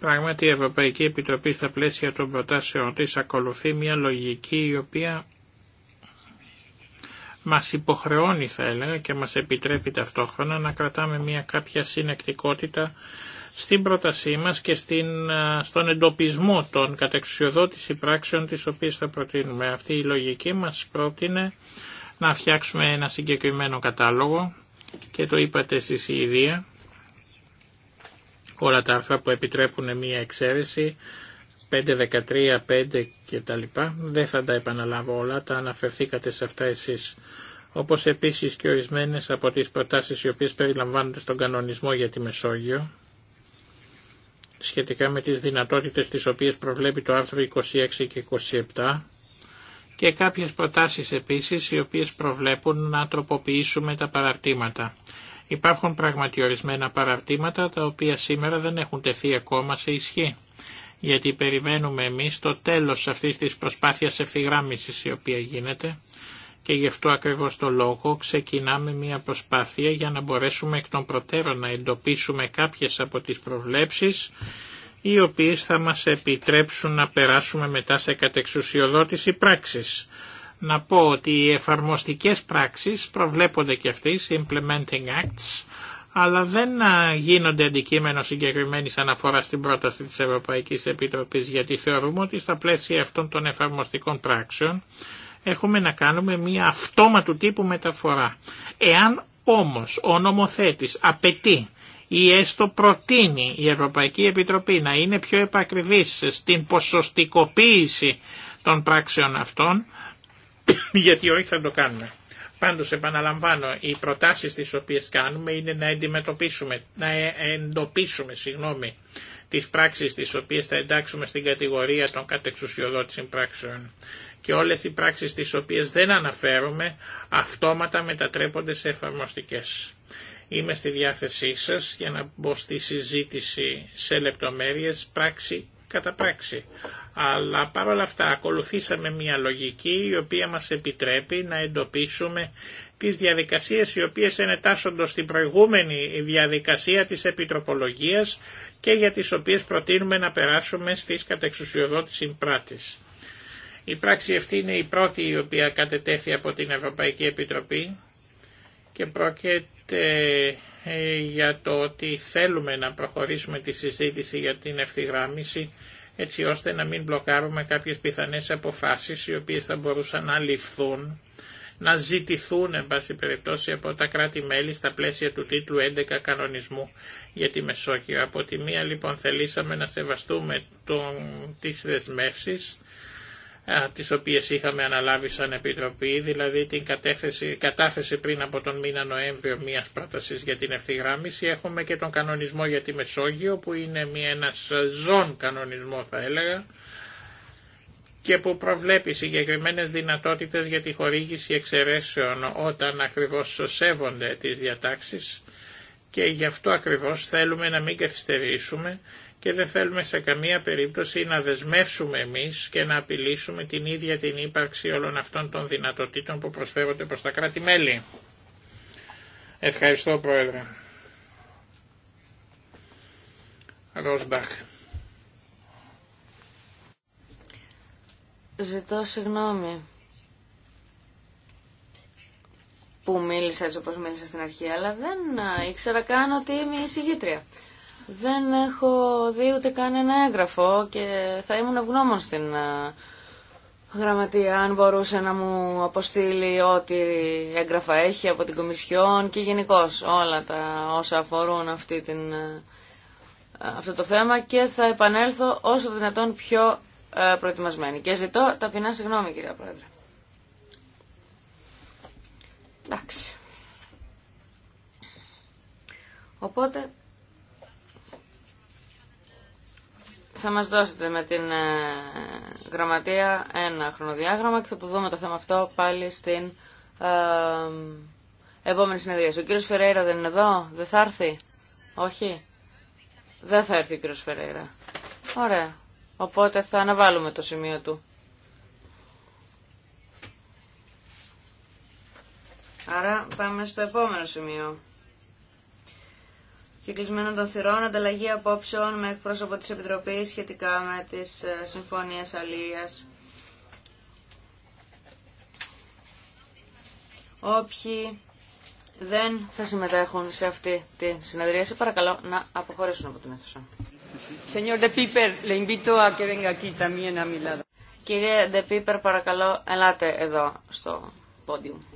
Πράγματι η Ευρωπαϊκή Επιτροπή στα πλαίσια των προτάσεων της ακολουθεί μια λογική η οποία μας υποχρεώνει θα έλεγα και μας επιτρέπει ταυτόχρονα να κρατάμε μια κάποια συνεκτικότητα στην πρότασή μας και στην, στον εντοπισμό των κατεξουσιοδότηση πράξεων τις οποίες θα προτείνουμε. Αυτή η λογική μας πρότεινε να φτιάξουμε ένα συγκεκριμένο κατάλογο και το είπατε εσείς η ίδια, όλα τα άρθρα που επιτρέπουν μία εξαίρεση, 5, 13, 5 λοιπά. Δεν θα τα επαναλάβω όλα, τα αναφερθήκατε σε αυτά εσείς. Όπως επίσης και ορισμένες από τις προτάσεις οι οποίες περιλαμβάνονται στον κανονισμό για τη Μεσόγειο, σχετικά με τις δυνατότητες τις οποίες προβλέπει το άρθρο 26 και 27, και κάποιες προτάσεις επίσης οι οποίες προβλέπουν να τροποποιήσουμε τα παραρτήματα. Υπάρχουν πραγματιορισμένα παραρτήματα τα οποία σήμερα δεν έχουν τεθεί ακόμα σε ισχύ γιατί περιμένουμε εμείς το τέλος αυτής της προσπάθειας ευθυγράμμισης η οποία γίνεται και γι' αυτό ακριβώς το λόγο ξεκινάμε μια προσπάθεια για να μπορέσουμε εκ των προτέρων να εντοπίσουμε κάποιες από τις προβλέψεις οι οποίες θα μας επιτρέψουν να περάσουμε μετά σε κατεξουσιοδότηση πράξης. Να πω ότι οι εφαρμοστικές πράξεις προβλέπονται και αυτές, implementing acts, αλλά δεν γίνονται αντικείμενο συγκεκριμένη αναφορά στην πρόταση της Ευρωπαϊκής Επιτροπής, γιατί θεωρούμε ότι στα πλαίσια αυτών των εφαρμοστικών πράξεων έχουμε να κάνουμε μια αυτόματου τύπου μεταφορά. Εάν όμως ο νομοθέτης απαιτεί ή έστω προτείνει η Ευρωπαϊκή Επιτροπή να είναι πιο επακριβής στην ποσοστικοποίηση των πράξεων αυτών, γιατί όχι θα το κάνουμε. Πάντως επαναλαμβάνω, οι προτάσεις τις οποίες κάνουμε είναι να εντοπίσουμε, να ε, εντοπίσουμε συγγνώμη, τις πράξεις τις οποίες θα εντάξουμε στην κατηγορία των κατεξουσιοδότησιων πράξεων και όλες οι πράξεις τις οποίες δεν αναφέρουμε αυτόματα μετατρέπονται σε εφαρμοστικές. Είμαι στη διάθεσή σας για να μπω στη συζήτηση σε λεπτομέρειες πράξη κατά πράξη. Αλλά παρόλα αυτά ακολουθήσαμε μια λογική η οποία μας επιτρέπει να εντοπίσουμε τις διαδικασίες οι οποίες ενετάσσονται στην προηγούμενη διαδικασία της επιτροπολογίας και για τις οποίες προτείνουμε να περάσουμε στις κατεξουσιοδότηση πράτης. Η πράξη αυτή είναι η πρώτη η οποία κατετέθη από την Ευρωπαϊκή Επιτροπή και πρόκειται ε, για το ότι θέλουμε να προχωρήσουμε τη συζήτηση για την ευθυγράμμιση έτσι ώστε να μην μπλοκάρουμε κάποιες πιθανές αποφάσεις οι οποίες θα μπορούσαν να ληφθούν, να ζητηθούν εν περιπτώσει από τα κράτη-μέλη στα πλαίσια του τίτλου 11 κανονισμού για τη Μεσόγειο. Από τη μία λοιπόν θελήσαμε να σεβαστούμε τον, τις δεσμεύσεις, τις οποίες είχαμε αναλάβει σαν Επιτροπή, δηλαδή την κατάθεση πριν από τον μήνα Νοέμβριο μιας πρότασης για την ευθυγράμμιση. Έχουμε και τον κανονισμό για τη Μεσόγειο που είναι ένας ζών κανονισμό θα έλεγα και που προβλέπει συγκεκριμένες δυνατότητες για τη χορήγηση εξαιρέσεων όταν ακριβώς σέβονται τις διατάξεις και γι' αυτό ακριβώς θέλουμε να μην καθυστερήσουμε και δεν θέλουμε σε καμία περίπτωση να δεσμεύσουμε εμείς και να απειλήσουμε την ίδια την ύπαρξη όλων αυτών των δυνατοτήτων που προσφέρονται προς τα κράτη-μέλη. Ευχαριστώ Πρόεδρε. Ροσμπαχ. Ζητώ συγγνώμη που μίλησα έτσι όπως μίλησα στην αρχή, αλλά δεν ήξερα καν ότι είμαι η δεν έχω δει ούτε καν ένα έγγραφο και θα ήμουν ευγνώμων στην ε, γραμματεία αν μπορούσε να μου αποστείλει ό,τι έγγραφα έχει από την Κομισιόν και γενικώ όλα τα όσα αφορούν αυτή την, ε, αυτό το θέμα και θα επανέλθω όσο δυνατόν πιο ε, προετοιμασμένη. Και ζητώ ταπεινά συγγνώμη κυρία Πρόεδρε. Εντάξει. Οπότε Θα μας δώσετε με την ε, γραμματεία ένα χρονοδιάγραμμα και θα το δούμε το θέμα αυτό πάλι στην ε, επόμενη συνεδρία. Ο κύριος Φερέιρα δεν είναι εδώ, δεν θα έρθει. Όχι, δεν θα έρθει ο κύριος Φερέιρα. Ωραία, οπότε θα αναβάλουμε το σημείο του. Άρα πάμε στο επόμενο σημείο και κλεισμένων των θυρών, ανταλλαγή απόψεων με εκπρόσωπο της Επιτροπής σχετικά με τις ε, συμφωνίες αλίας. Όποιοι δεν θα συμμετέχουν σε αυτή τη σε παρακαλώ να αποχωρήσουν από την αίθουσα. Κύριε Ντεπίπερ, παρακαλώ, ελάτε εδώ στο πόντιου.